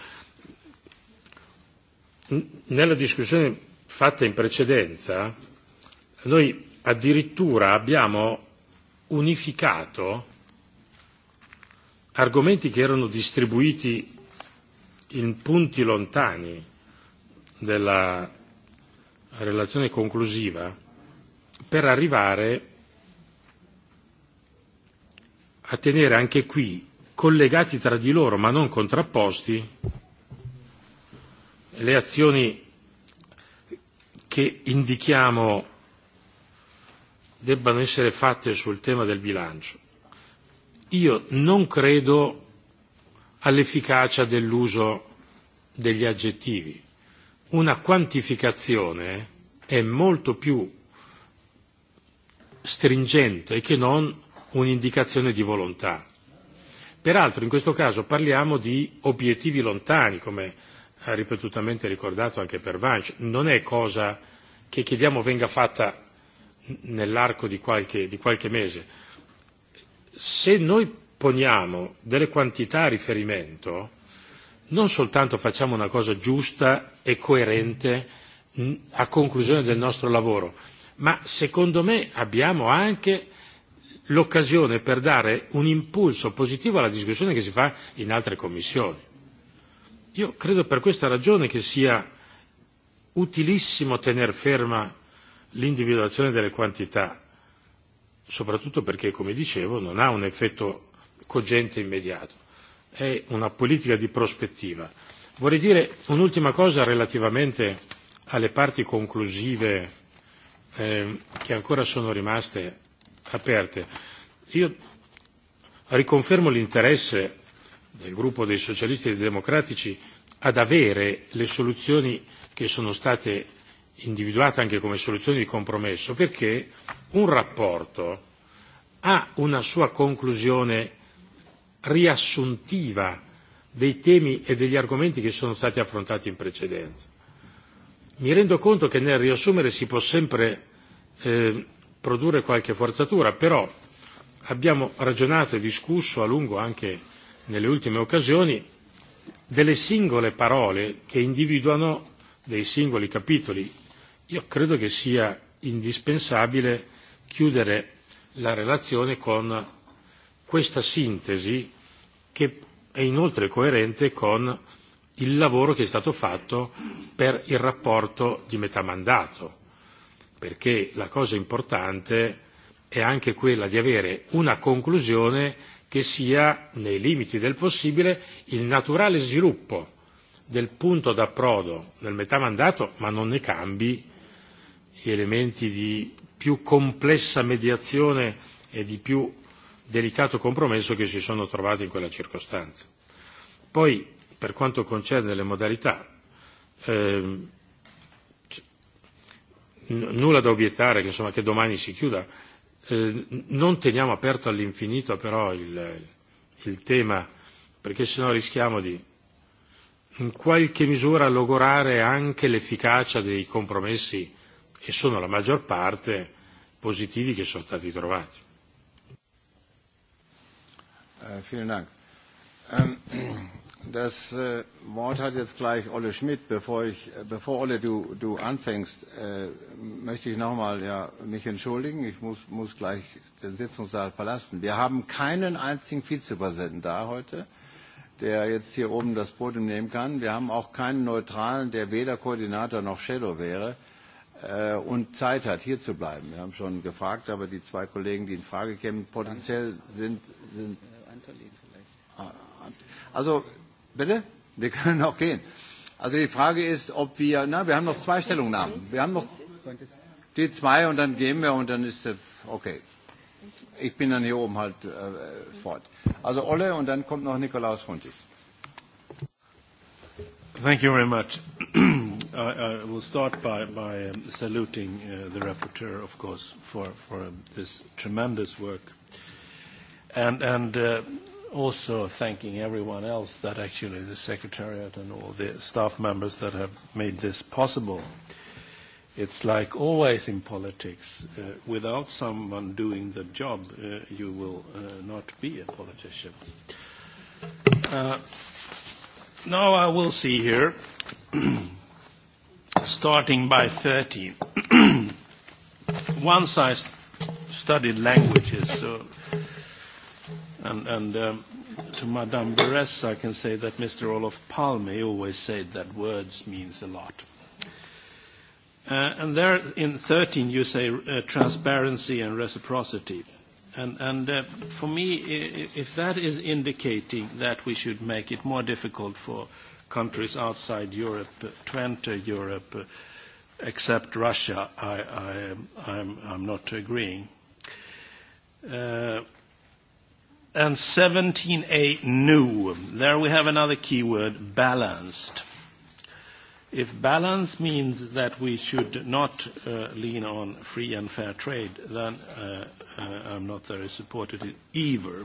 Nella discussione fatta in precedenza noi addirittura abbiamo unificato argomenti che erano distribuiti in punti lontani della relazione conclusiva per arrivare a tenere anche qui collegati tra di loro ma non contrapposti le azioni che indichiamo debbano essere fatte sul tema del bilancio io non credo all'efficacia dell'uso degli aggettivi. Una quantificazione è molto più stringente che non un'indicazione di volontà. Peraltro in questo caso parliamo di obiettivi lontani, come ha ripetutamente ricordato anche per Vance, non è cosa che chiediamo venga fatta nell'arco di qualche, di qualche mese se noi poniamo delle quantità a riferimento, non soltanto facciamo una cosa giusta e coerente mm, a conclusione del nostro lavoro, ma secondo me abbiamo anche l'occasione per dare un impulso positivo alla discussione che si fa in altre commissioni. Io credo per questa ragione che sia utilissimo tenere ferma l'individuazione delle quantità, soprattutto perché, come dicevo, non ha un effetto cogente e immediato, è una politica di prospettiva. Vorrei dire un'ultima cosa relativamente alle parti conclusive eh, che ancora sono rimaste aperte. Io riconfermo l'interesse del gruppo dei socialisti e dei democratici ad avere le soluzioni che sono state individuata anche come soluzione di compromesso perché un rapporto ha una sua conclusione riassuntiva dei temi e degli argomenti che sono stati affrontati in precedenza. Mi rendo conto che nel riassumere si può sempre eh, produrre qualche forzatura, però abbiamo ragionato e discusso a lungo anche nelle ultime occasioni delle singole parole che individuano dei singoli capitoli Io credo che sia indispensabile chiudere la relazione con questa sintesi che è inoltre coerente con il lavoro che è stato fatto per il rapporto di metà mandato, perché la cosa importante è anche quella di avere una conclusione che sia, nei limiti del possibile, il naturale sviluppo del punto d'approdo nel metà mandato, ma non ne cambi gli elementi di più complessa mediazione e di più delicato compromesso che si sono trovati in quella circostanza. Poi, per quanto concerne le modalità, eh, n- nulla da obiettare che, insomma, che domani si chiuda. Eh, non teniamo aperto all'infinito però il, il tema, perché sennò rischiamo di in qualche misura logorare anche l'efficacia dei compromessi e sono la maggior parte positivi che sono stati trovati. Uh, vielen Dank. Um, das uh, Wort hat jetzt gleich Olle Schmidt. Bevor, ich, äh, bevor Olle du, du anfängst, uh, möchte ich noch mal, ja, mich entschuldigen. Ich muss, muss gleich den Sitzungssaal verlassen. Wir haben keinen einzigen Vizepräsidenten da heute, der jetzt hier oben das Podium nehmen kann. Wir haben auch keinen Neutralen, der weder Koordinator noch Shadow wäre. Uh, äh, und Zeit hat, hier zu bleiben. Wir haben schon gefragt, aber die zwei Kollegen, die in Frage kämen, potenziell sind. sind ah, also, bitte? Wir können auch gehen. Also die Frage ist, ob wir, na, wir haben noch zwei Stellungnahmen. Wir haben noch die zwei und dann gehen wir und dann ist es okay. Ich bin dann hier oben halt äh, fort. Also Olle und dann kommt noch Nikolaus Kuntis. Thank you very much. I will start by, by um, saluting uh, the rapporteur, of course, for, for um, this tremendous work. And, and uh, also thanking everyone else, that actually the secretariat and all the staff members that have made this possible. It's like always in politics, uh, without someone doing the job, uh, you will uh, not be a politician. Uh, now I will see here. starting by 30. Once I st- studied languages, so, and, and um, to Madame Beres, I can say that Mr. Olof Palme always said that words means a lot. Uh, and there in 13 you say uh, transparency and reciprocity. And, and uh, for me, if that is indicating that we should make it more difficult for uh, countries outside Europe, 20 Europe, except Russia, I'm not agreeing. Uh, and 17A new. There we have another keyword, balanced. If balance means that we should not uh, lean on free and fair trade, then uh, I'm not very supportive either.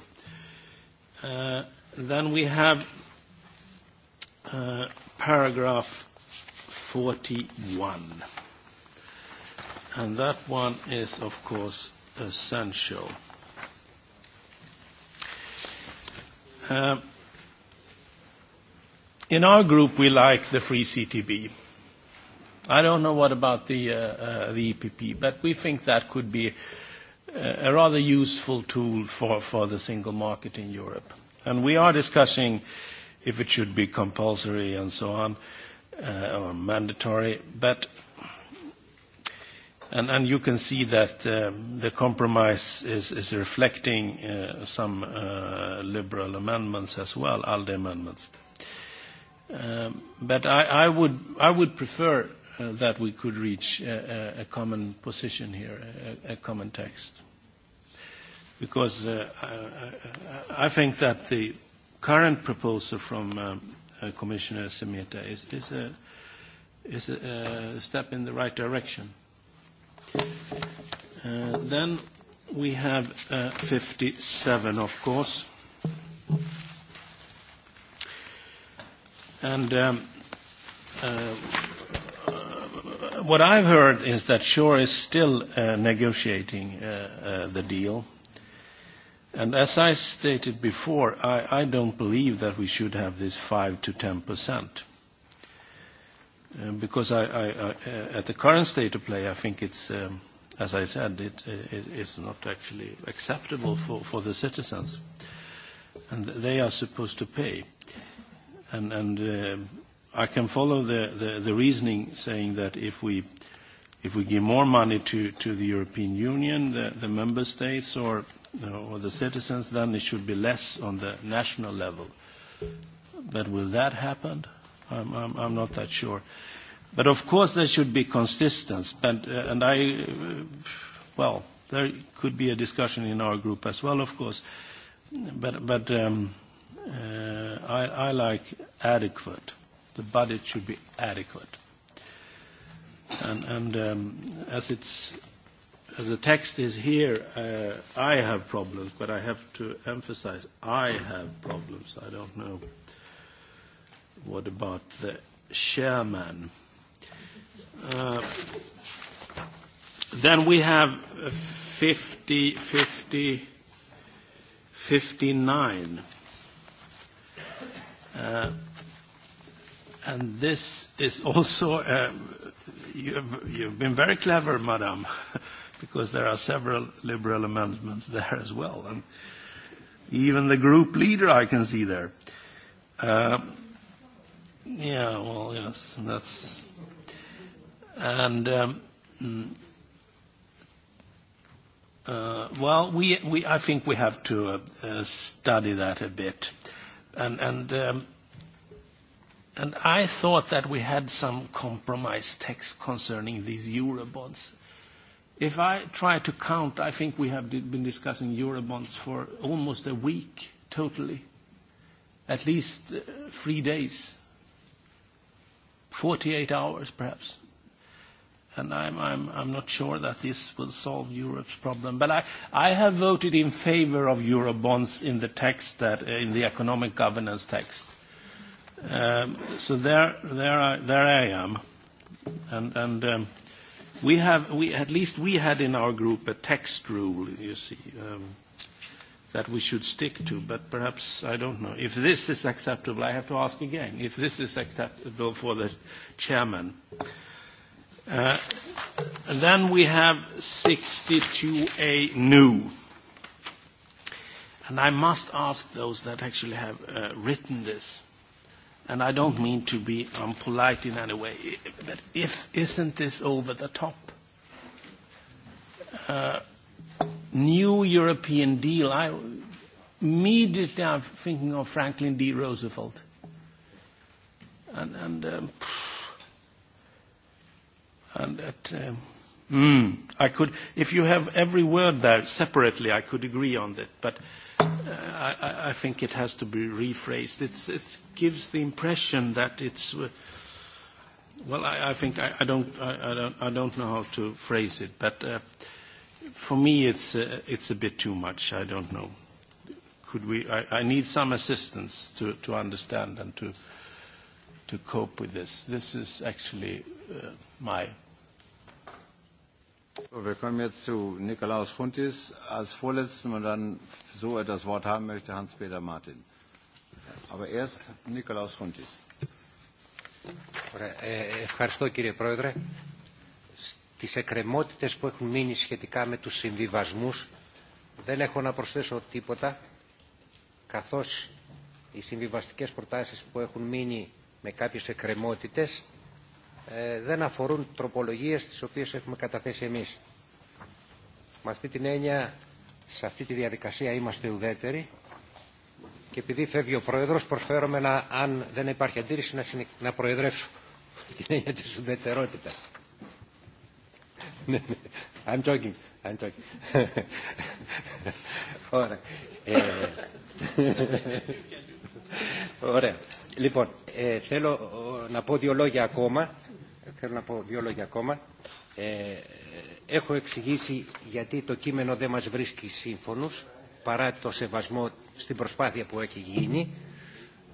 Then we have Uh, paragraph 41. And that one is, of course, essential. Uh, in our group, we like the free CTB. I don't know what about the, uh, uh, the EPP, but we think that could be uh, a rather useful tool for, for the single market in Europe. And we are discussing uh, if it should be compulsory and so on uh, or mandatory but and and you can see that um, the compromise is is reflecting uh, some uh, liberal amendments as well ALDE amendments um, but I, I would I would prefer uh, that we could reach a, a common position here, a, a common text, because uh, I, I, I think that the current proposal from um, uh, Commissioner Semeta is, is, a, is a, a step in the right direction. Uh, then we have uh, 57, of course. And um, uh, what I've heard is that Shore is still uh, negotiating uh, uh, the deal. As I stated before, I don't believe that we should have this 5%-10%. Uh, because uh, at the current state of play, I think it's, um, as I said, it is not actually acceptable for the citizens. They are supposed to pay. Uh, I can follow the reasoning saying that if we give more money to the European Union, the member states or uh, or the citizens, then it should be less on the national level. But will that happen? I'm, I'm, I'm not that sure. But of course there should be consistency. But, uh, and I, uh, well, there could be a discussion in our group as well, of course. But, but um, uh, I, I like adequate. The budget should be adequate. And, and um, as it's as the text is here, uh, I have problems, but I have to emphasize I have problems. I don't know. What about the chairman? Uh, then we have 50, 50, 59. Uh, and this is also, uh, you've, you've been very clever, madam. because there are several liberal amendments there as well. And even the group leader I can see there. Um, yeah, well, yes, that's. And. Um, mm, uh, well, we, we, I think we have to uh, uh, study that a bit. And, and, um, and I thought that we had some compromise text concerning these Eurobonds If I try to count, I think we have been discussing Eurobonds for almost a week totally, at least uh, three days, 48 hours perhaps. I'm not sure that this will solve Europe's problem. But I have voted in favor of Eurobonds in the text that uh, in the economic governance text. Um, so there I am. And um, we have, we, at least we had in our group a text rule, you see, um, that we should stick to. But perhaps, I don't know. If this is acceptable, I have to ask again, if this is acceptable for the chairman. Uh, and then we have 62A new. And I must ask those that actually have uh, written this and I don't mean to be unpolite in any way, but if isn't this over the top? Uh, new European deal. I immediately I'm thinking of Franklin D. Roosevelt, and and um, and that. Um, mm, I could, if you have every word there separately, I could agree on that, but. Uh, I, I think it has to be rephrased. It's, it gives the impression that it's. Uh, well, I, I think I, I, don't, I, I, don't, I don't know how to phrase it, but uh, for me it's, uh, it's a bit too much. I don't know. Could we, I, I need some assistance to, to understand and to, to cope with this. This is actually uh, my. So wir kommen jetzt zu Nikolaus Funtis als vorletzten und dann so er das Wort haben möchte, Hans-Peter Martin. Aber erst Nikolaus Frontis. Ευχαριστώ κύριε Πρόεδρε. Στις εκκρεμότητες που έχουν μείνει σχετικά με τους συμβιβασμούς δεν έχω να προσθέσω τίποτα καθώς οι συμβιβαστικές προτάσεις που έχουν μείνει με κάποιες εκκρεμότητες ε, δεν αφορούν τροπολογίες τις οποίες έχουμε καταθέσει εμείς. Με αυτή την έννοια σε αυτή τη διαδικασία είμαστε ουδέτεροι και επειδή φεύγει ο Πρόεδρος προσφέρομαι να, αν δεν υπάρχει αντίρρηση να, συνε... να προεδρεύσω την έννοια της ουδετερότητας. I'm joking. I'm joking. Ωραία. ε... Ωραία. Λοιπόν, ε, θέλω να πω δύο λόγια ακόμα. Θέλω να πω δύο λόγια ακόμα. Ε, Έχω εξηγήσει γιατί το κείμενο δεν μας βρίσκει σύμφωνος, παρά το σεβασμό στην προσπάθεια που έχει γίνει.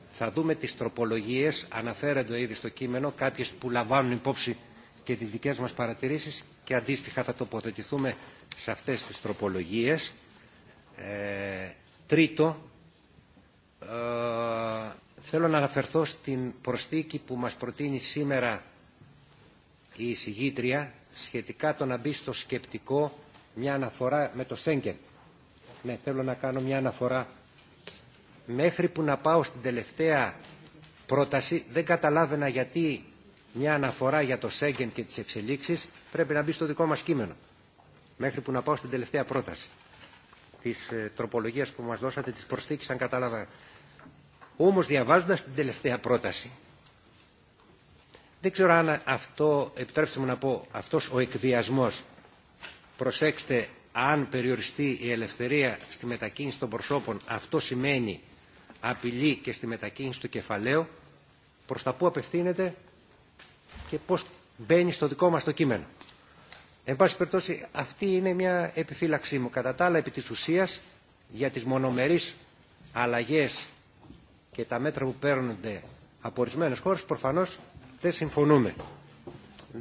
Θα δούμε τις τροπολογίες, αναφέρεται ήδη στο κείμενο, κάποιες που λαμβάνουν υπόψη και τις δικές μας παρατηρήσεις και αντίστοιχα θα τοποθετηθούμε σε αυτές τις τροπολογίες. Ε, τρίτο, ε, θέλω να αναφερθώ στην προστίκη που μας προτείνει σήμερα η εισηγήτρια σχετικά το να μπει στο σκεπτικό μια αναφορά με το Σέγγεν. Ναι, θέλω να κάνω μια αναφορά. Μέχρι που να πάω στην τελευταία πρόταση, δεν καταλάβαινα γιατί μια αναφορά για το Σέγγεν και τις εξελίξεις πρέπει να μπει στο δικό μας κείμενο. Μέχρι που να πάω στην τελευταία πρόταση της τροπολογίας που μας δώσατε, της προσθήκης, αν κατάλαβα. Όμως διαβάζοντας την τελευταία πρόταση, Δεν ξέρω αν αυτό, επιτρέψτε μου να πω, αυτός ο εκβιασμός, προσέξτε, αν περιοριστεί η ελευθερία στη μετακίνηση των προσώπων, αυτό σημαίνει απειλή και στη μετακίνηση του κεφαλαίου, προς τα πού απευθύνεται και πώς μπαίνει στο δικό μας το κείμενο. Εν πάση περιπτώσει, αυτή είναι μια επιφύλαξή μου. Κατά τα άλλα, επί της ουσίας, για τις μονομερείς αλλαγές και τα μέτρα που παίρνονται από ορισμένες χώρες, προφανώς Δεν συμφωνούμε.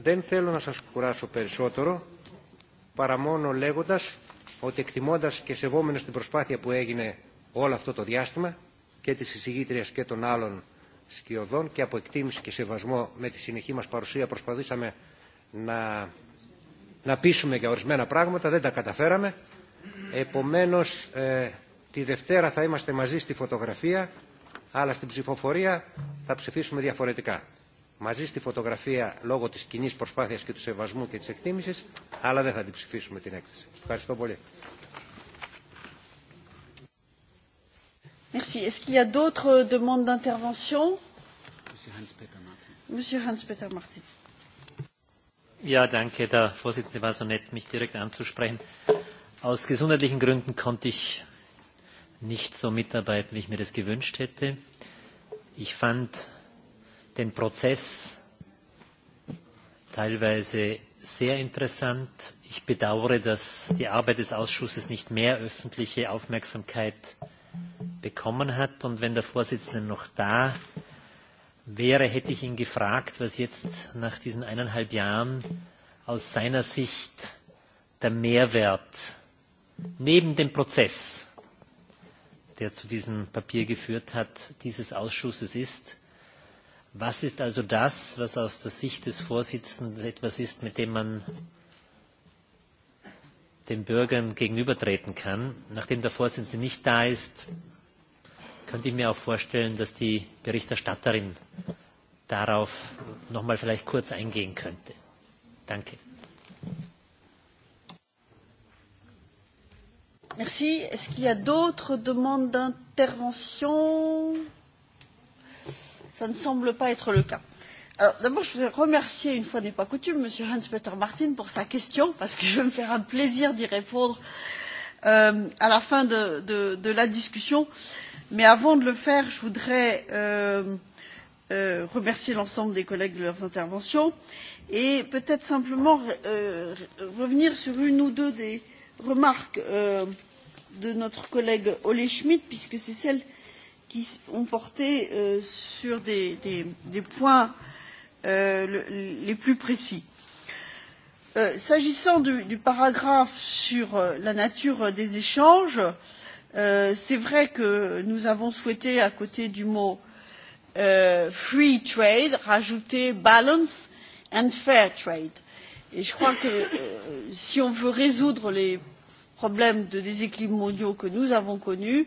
Δεν θέλω να σας κουράσω περισσότερο, παρά μόνο λέγοντας ότι εκτιμώντας και σεβόμενος την προσπάθεια που έγινε όλο αυτό το διάστημα και της συζήτριας και των άλλων σκιωδών και από εκτίμηση και σεβασμό με τη συνεχή μας παρουσία προσπαθήσαμε να, να πείσουμε για ορισμένα πράγματα, δεν τα καταφέραμε. Επομένως, ε, τη Δευτέρα θα είμαστε μαζί στη φωτογραφία, αλλά στην ψηφοφορία θα ψηφίσουμε διαφορετικά μαζί στη φωτογραφία λόγω της κοινή προσπάθειας και του σεβασμού και της εκτίμησης, αλλά δεν θα την ψηφίσουμε την έκθεση. Ευχαριστώ πολύ. Merci. Est-ce qu'il y a d'autres demandes d'intervention Monsieur Hans-Peter Martin. Monsieur Hans-Peter Martin. Ja, danke, Herr Vorsitzende. War so nett, mich direkt anzusprechen. Aus gesundheitlichen Gründen konnte ich nicht so mitarbeiten, wie ich mir das gewünscht hätte. Ich fand den Prozess teilweise sehr interessant. Ich bedauere, dass die Arbeit des Ausschusses nicht mehr öffentliche Aufmerksamkeit bekommen hat. Und wenn der Vorsitzende noch da wäre, hätte ich ihn gefragt, was jetzt nach diesen eineinhalb Jahren aus seiner Sicht der Mehrwert neben dem Prozess, der zu diesem Papier geführt hat, dieses Ausschusses ist. Was ist also das, was aus der Sicht des Vorsitzenden etwas ist, mit dem man den Bürgern gegenübertreten kann? Nachdem der Vorsitzende nicht da ist, könnte ich mir auch vorstellen, dass die Berichterstatterin darauf noch mal vielleicht kurz eingehen könnte. Danke. Merci. Est-ce qu'il y a d'autres demandes d'intervention? ça ne semble pas être le cas. Alors, d'abord, je voudrais remercier, une fois n'est pas coutume, Monsieur Hans-Peter Martin pour sa question, parce que je vais me faire un plaisir d'y répondre euh, à la fin de, de, de la discussion. Mais avant de le faire, je voudrais euh, euh, remercier l'ensemble des collègues de leurs interventions et peut-être simplement euh, revenir sur une ou deux des remarques euh, de notre collègue Olé Schmidt, puisque c'est celle euh, qui ont porté euh, sur des, des, des points euh, le, les plus précis. Euh, S'agissant du, du paragraphe sur euh, la nature des échanges, euh, c'est vrai que nous avons souhaité, à côté du mot euh, free trade, rajouter balance and fair trade. Et je crois que euh, si on veut résoudre les problèmes de déséquilibre mondiaux que nous avons connus, euh,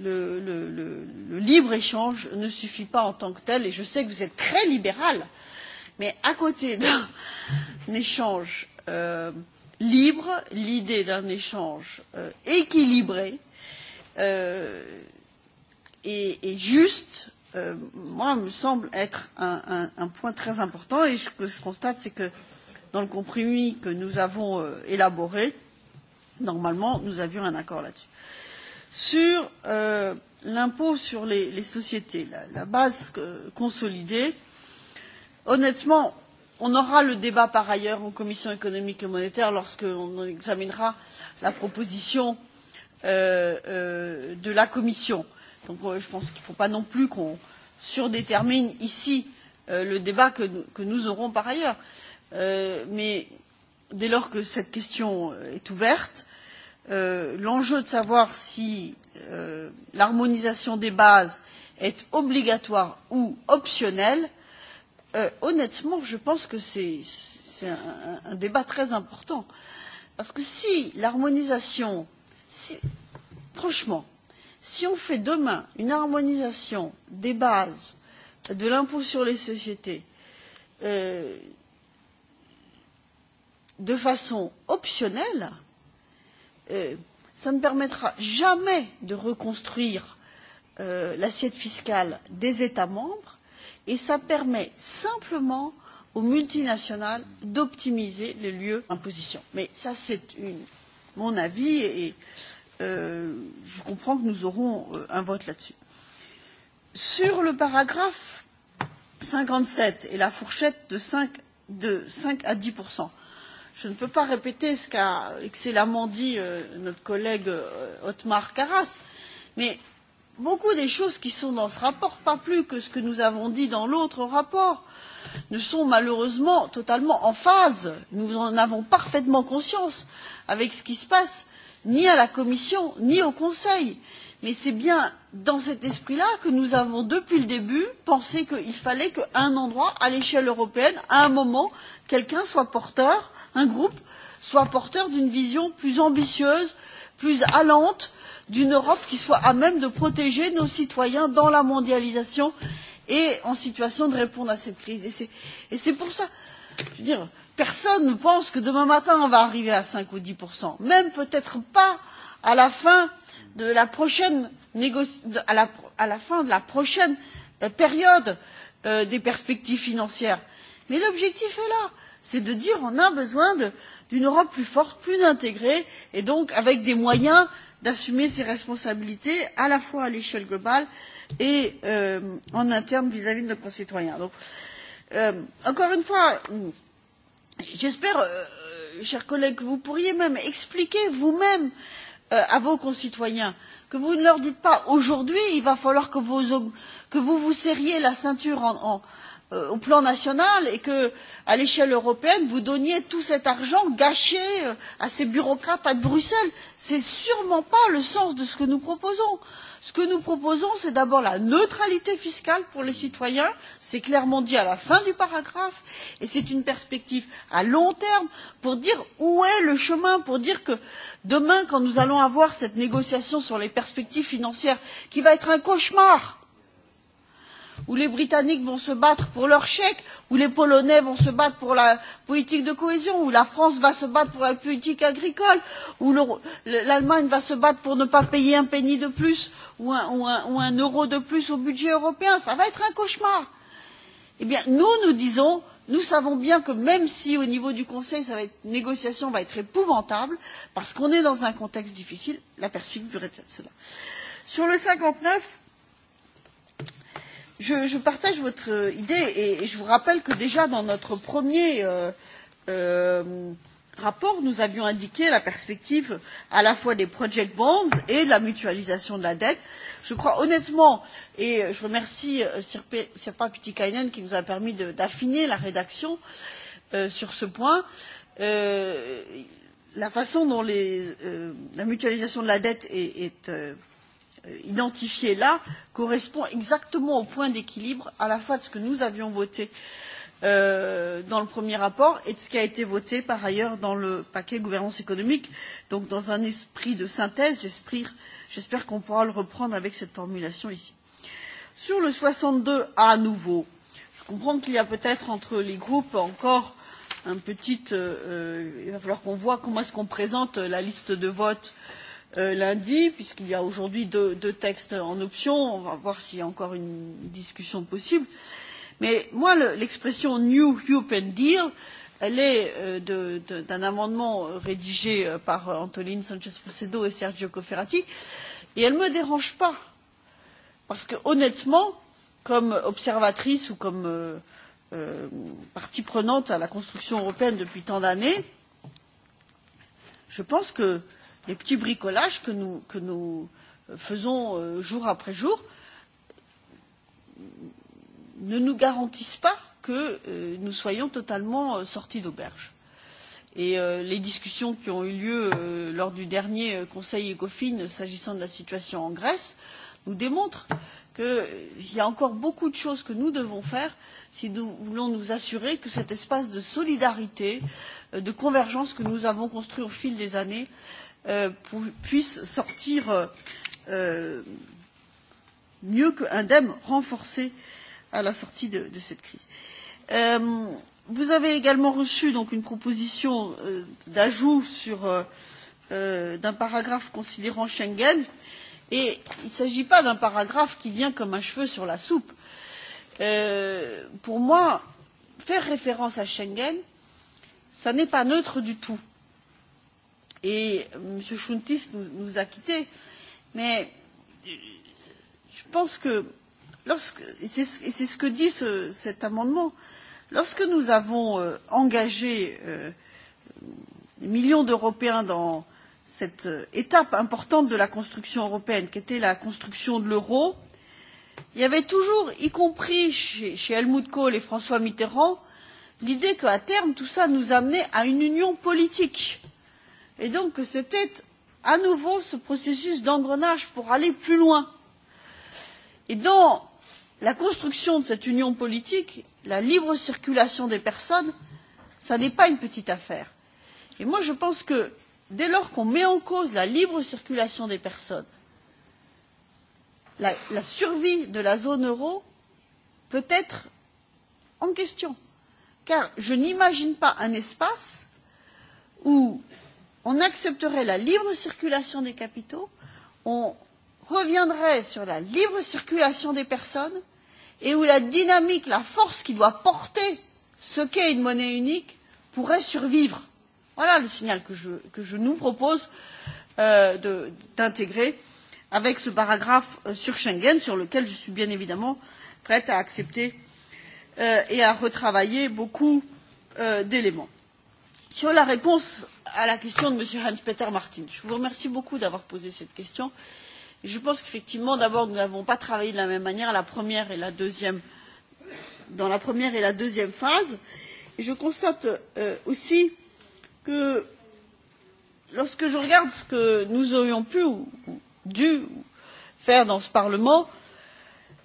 le, le, le, le libre échange ne suffit pas en tant que tel et je sais que vous êtes très libéral, mais à côté d'un échange euh, libre, l'idée d'un échange euh, équilibré euh, et, et juste, euh, moi, me semble être un, un, un point très important et ce que je constate, c'est que dans le compromis que nous avons euh, élaboré, normalement, nous avions un accord là-dessus sur euh, l'impôt sur les, les sociétés, la, la base euh, consolidée. Honnêtement, on aura le débat par ailleurs en commission économique et monétaire lorsqu'on examinera la proposition euh, euh, de la Commission. Donc euh, je pense qu'il ne faut pas non plus qu'on surdétermine ici euh, le débat que, que nous aurons par ailleurs. Euh, mais dès lors que cette question est ouverte, Euh, l'enjeu de savoir si euh, l'harmonisation des bases est obligatoire ou optionnelle, euh, honnêtement, je pense que c'est un débat très important. Parce que si l'harmonisation, si, franchement, si on fait demain une harmonisation des bases de l'impôt sur les sociétés euh, de façon optionnelle, euh, cela euh, ne permettra jamais de reconstruire euh, l'assiette fiscale des états membres et cela permet simplement aux multinationales d'optimiser les lieux d'imposition. mais cela c'est mon avis et euh, je comprends que nous aurons un vote là dessus. sur le paragraphe cinquante sept et la fourchette de cinq à dix je ne peux pas répéter ce qu'a excellemment dit euh, notre collègue euh, Otmar Karas, mais beaucoup des choses qui sont dans ce rapport, pas plus que ce que nous avons dit dans l'autre rapport, ne sont malheureusement totalement en phase, nous en avons parfaitement conscience avec ce qui se passe, ni à la Commission, ni au Conseil. Mais c'est bien dans cet esprit-là que nous avons, depuis le début, pensé qu'il fallait qu'à un endroit, à l'échelle européenne, à un moment, quelqu'un soit porteur un groupe soit porteur d'une vision plus ambitieuse plus allante d'une europe qui soit à même de protéger nos citoyens dans la mondialisation et en situation de répondre à cette crise. et c'est pour cela que personne ne pense que demain matin on va arriver à cinq ou dix même peut être pas à la fin de la prochaine à la, à la fin de la prochaine euh, période euh, des perspectives financières. mais l'objectif est là c'est de dire qu'on a besoin d'une europe plus forte plus intégrée et donc avec des moyens d'assumer ses responsabilités à la fois à l'échelle globale et euh, en interne vis à vis de nos concitoyens. donc euh, encore une fois j'espère euh, chers collègues que vous pourriez même expliquer vous même à vos concitoyens que vous ne leur dites pas aujourd'hui il va falloir que vous que vous, vous serriez la ceinture en, en, Euh, au plan national et que à l'échelle européenne vous donniez tout cet argent gâché euh, à ces bureaucrates à bruxelles. ce n'est sûrement pas le sens de ce que nous proposons. ce que nous proposons c'est d'abord la neutralité fiscale pour les citoyens c'est clairement dit à la fin du paragraphe et c'est une perspective à long terme pour dire où est le chemin pour dire que demain quand nous allons avoir cette négociation sur les perspectives financières qui va être un cauchemar où les Britanniques vont se battre pour leur chèque, où les Polonais vont se battre pour la politique de cohésion, où la France va se battre pour la politique agricole, où l'Allemagne va se battre pour ne pas payer un penny de plus ou un, ou, un, ou un euro de plus au budget européen. Ça va être un cauchemar. Eh bien, nous, nous disons, nous savons bien que même si au niveau du Conseil, ça va être, négociation va être épouvantable, parce qu'on est dans un contexte difficile, la perspective durée de cela. Sur le 59, je partage votre euh, idée et je vous rappelle que déjà dans notre premier euh, euh, rapport nous avions indiqué la perspective à la fois des project bonds et de la mutualisation de la dette. Je crois honnêtement et je remercie euh, Sirpa Pitikainen qui nous a permis d'affiner la rédaction euh, sur ce point. Euh, la façon dont les, euh, la mutualisation de la dette est, est euh, identifié là correspond exactement au point d'équilibre à la fois de ce que nous avions voté euh, dans le premier rapport et de ce qui a été voté par ailleurs dans le paquet gouvernance économique. donc dans un esprit de synthèse j'espère qu'on pourra le reprendre avec cette formulation ici. sur le soixante deux à nouveau je comprends qu'il y a peut-être entre les groupes encore un petit euh, euh il va falloir qu'on voit comment est ce qu'on présente la liste de votes euh, euh, lundi, puisqu'il y a aujourd'hui deux, deux textes en option. On va voir s'il y a encore une discussion possible. Mais moi, l'expression le, New European Deal, elle est euh, d'un amendement rédigé euh, par Antoline Sanchez-Procedo et Sergio Cofferati, et elle ne me dérange pas. Parce que, honnêtement, comme observatrice ou comme euh, euh, partie prenante à la construction européenne depuis tant d'années, je pense que euh, les petits bricolages que nous, que nous euh, faisons euh, jour après jour ne nous garantissent pas que euh, nous soyons totalement sortis d'auberge. Et euh, les discussions qui ont eu lieu euh, lors du dernier conseil ECOFIN s'agissant de la situation en Grèce nous démontrent qu'il euh, y a encore beaucoup de choses que nous devons faire si nous voulons nous assurer que cet espace de solidarité, euh, de convergence que nous avons construit au fil des années euh, euh, puisse sortir euh, mieux qu'indemne, renforcé à la sortie de, de cette crise. Euh, vous avez également reçu donc, une proposition euh, d'ajout euh, euh, d'un paragraphe considérant Schengen. Et il ne s'agit pas d'un paragraphe qui vient comme un cheveu sur la soupe. Euh, pour moi, faire référence à Schengen, ça n'est pas neutre du tout. Et euh, M. Chountis nous, nous a quittés. Mais je pense que, lorsque, et c'est ce que dit ce, cet amendement, lorsque nous avons euh, engagé euh, millions d'Européens dans cette euh, étape importante de la construction européenne, qui était la construction de l'euro, il y avait toujours, y compris chez, chez Helmut Kohl et François Mitterrand, l'idée qu'à terme, tout ça nous amenait à une union politique et donc c'était à nouveau ce processus d'engrenage pour aller plus loin. dans la construction de cette union politique la libre circulation des personnes ce n'est pas une petite affaire. et moi je pense que dès lors qu'on met en cause la libre circulation des personnes la, la survie de la zone euro peut être en question car je n'imagine pas un espace où on accepterait la libre circulation des capitaux on reviendrait sur la libre circulation des personnes et où la dynamique la force qui doit porter ce qu'est une monnaie unique pourrait survivre. voilà le signal que je, que je nous propose euh, d'intégrer avec ce paragraphe euh, sur schengen sur lequel je suis bien évidemment prête à accepter euh, et à retravailler beaucoup euh, d'éléments sur la réponse à la question de m. hans peter martin je vous remercie beaucoup d'avoir posé cette question. je pense qu'effectivement d'abord nous n'avons pas travaillé de la même manière dans la première et la deuxième phase et je constate euh, aussi que lorsque je regarde ce que nous aurions pu ou dû faire dans ce parlement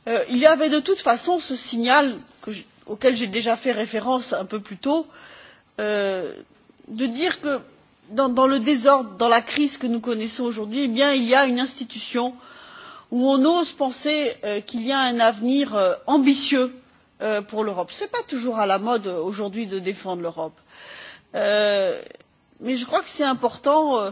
euh, il y avait de toute façon ce signal que je, auquel j'ai déjà fait référence un peu plus tôt euh, de dire que dans, dans le désordre, dans la crise que nous connaissons aujourd'hui, eh bien, il y a une institution où on ose penser euh, qu'il y a un avenir euh, ambitieux euh, pour l'Europe. Ce n'est pas toujours à la mode euh, aujourd'hui de défendre l'Europe. Euh, mais je crois que c'est important euh,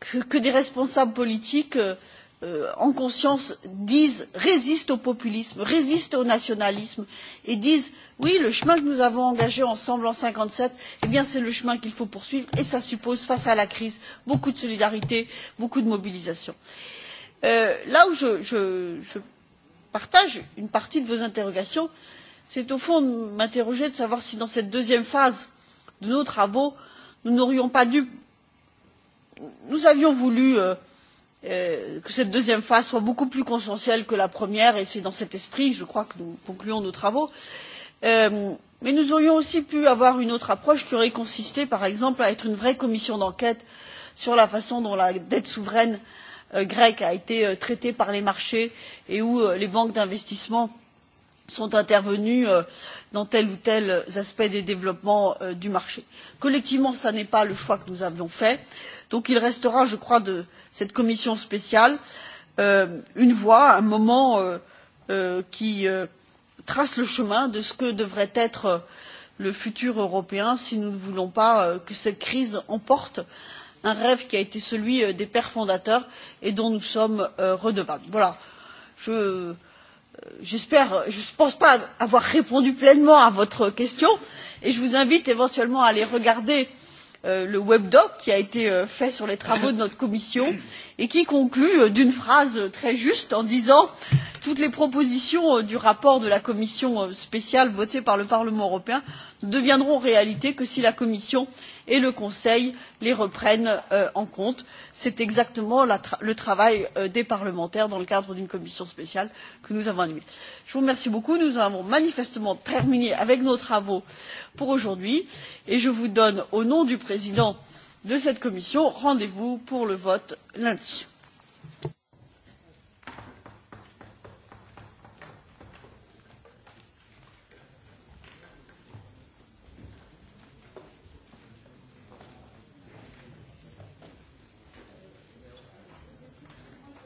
que, que des responsables politiques euh, Euh, en conscience disent résiste au populisme résiste au nationalisme et disent oui le chemin que nous avons engagé ensemble en mille neuf cent cinquante sept eh c'est le chemin qu'il faut poursuivre et cela suppose face à la crise beaucoup de solidarité beaucoup de mobilisation. Euh, là où je partage une partie de vos interrogations c'est au fond m'interroger de savoir si dans cette deuxième phase de nos travaux nous n'aurions pas dû nous avions voulu euh, Euh, que cette deuxième phase soit beaucoup plus consensuelle que la première et c'est dans cet esprit je crois que nous concluons nos travaux euh, mais nous aurions aussi pu avoir une autre approche qui aurait consisté par exemple à être une vraie commission d'enquête sur la façon dont la dette souveraine euh, grecque a été traitée par les marchés et où les banques d'investissement sont intervenues dans tel ou tel aspect des développements du marché. collectivement ce n'est pas le choix que nous avions fait donc il restera je crois de cette commission spéciale euh, une voie, un moment euh, euh, qui euh, trace le chemin de ce que devrait être euh, le futur européen si nous ne voulons pas euh, que cette crise emporte un rêve qui a été celui euh, des pères fondateurs et dont nous sommes euh, redevables. Voilà. Je, euh, J'espère, je ne pense pas avoir répondu pleinement à votre question et je vous invite éventuellement à aller regarder euh, Euh, le webdoc qui a été euh, fait sur les travaux de notre commission et qui conclut euh, d'une phrase très juste en disant toutes les propositions du rapport de la commission spéciale votées par le parlement européen ne deviendront réalité que si la commission et le conseil les reprennent euh, en compte. c'est exactement le travail euh, des parlementaires dans le cadre d'une commission spéciale que nous avons animée. je vous remercie beaucoup nous avons manifestement terminé avec nos travaux pour aujourd'hui et je vous donne au nom du président de cette commission rendez vous pour le vote lundi prochain.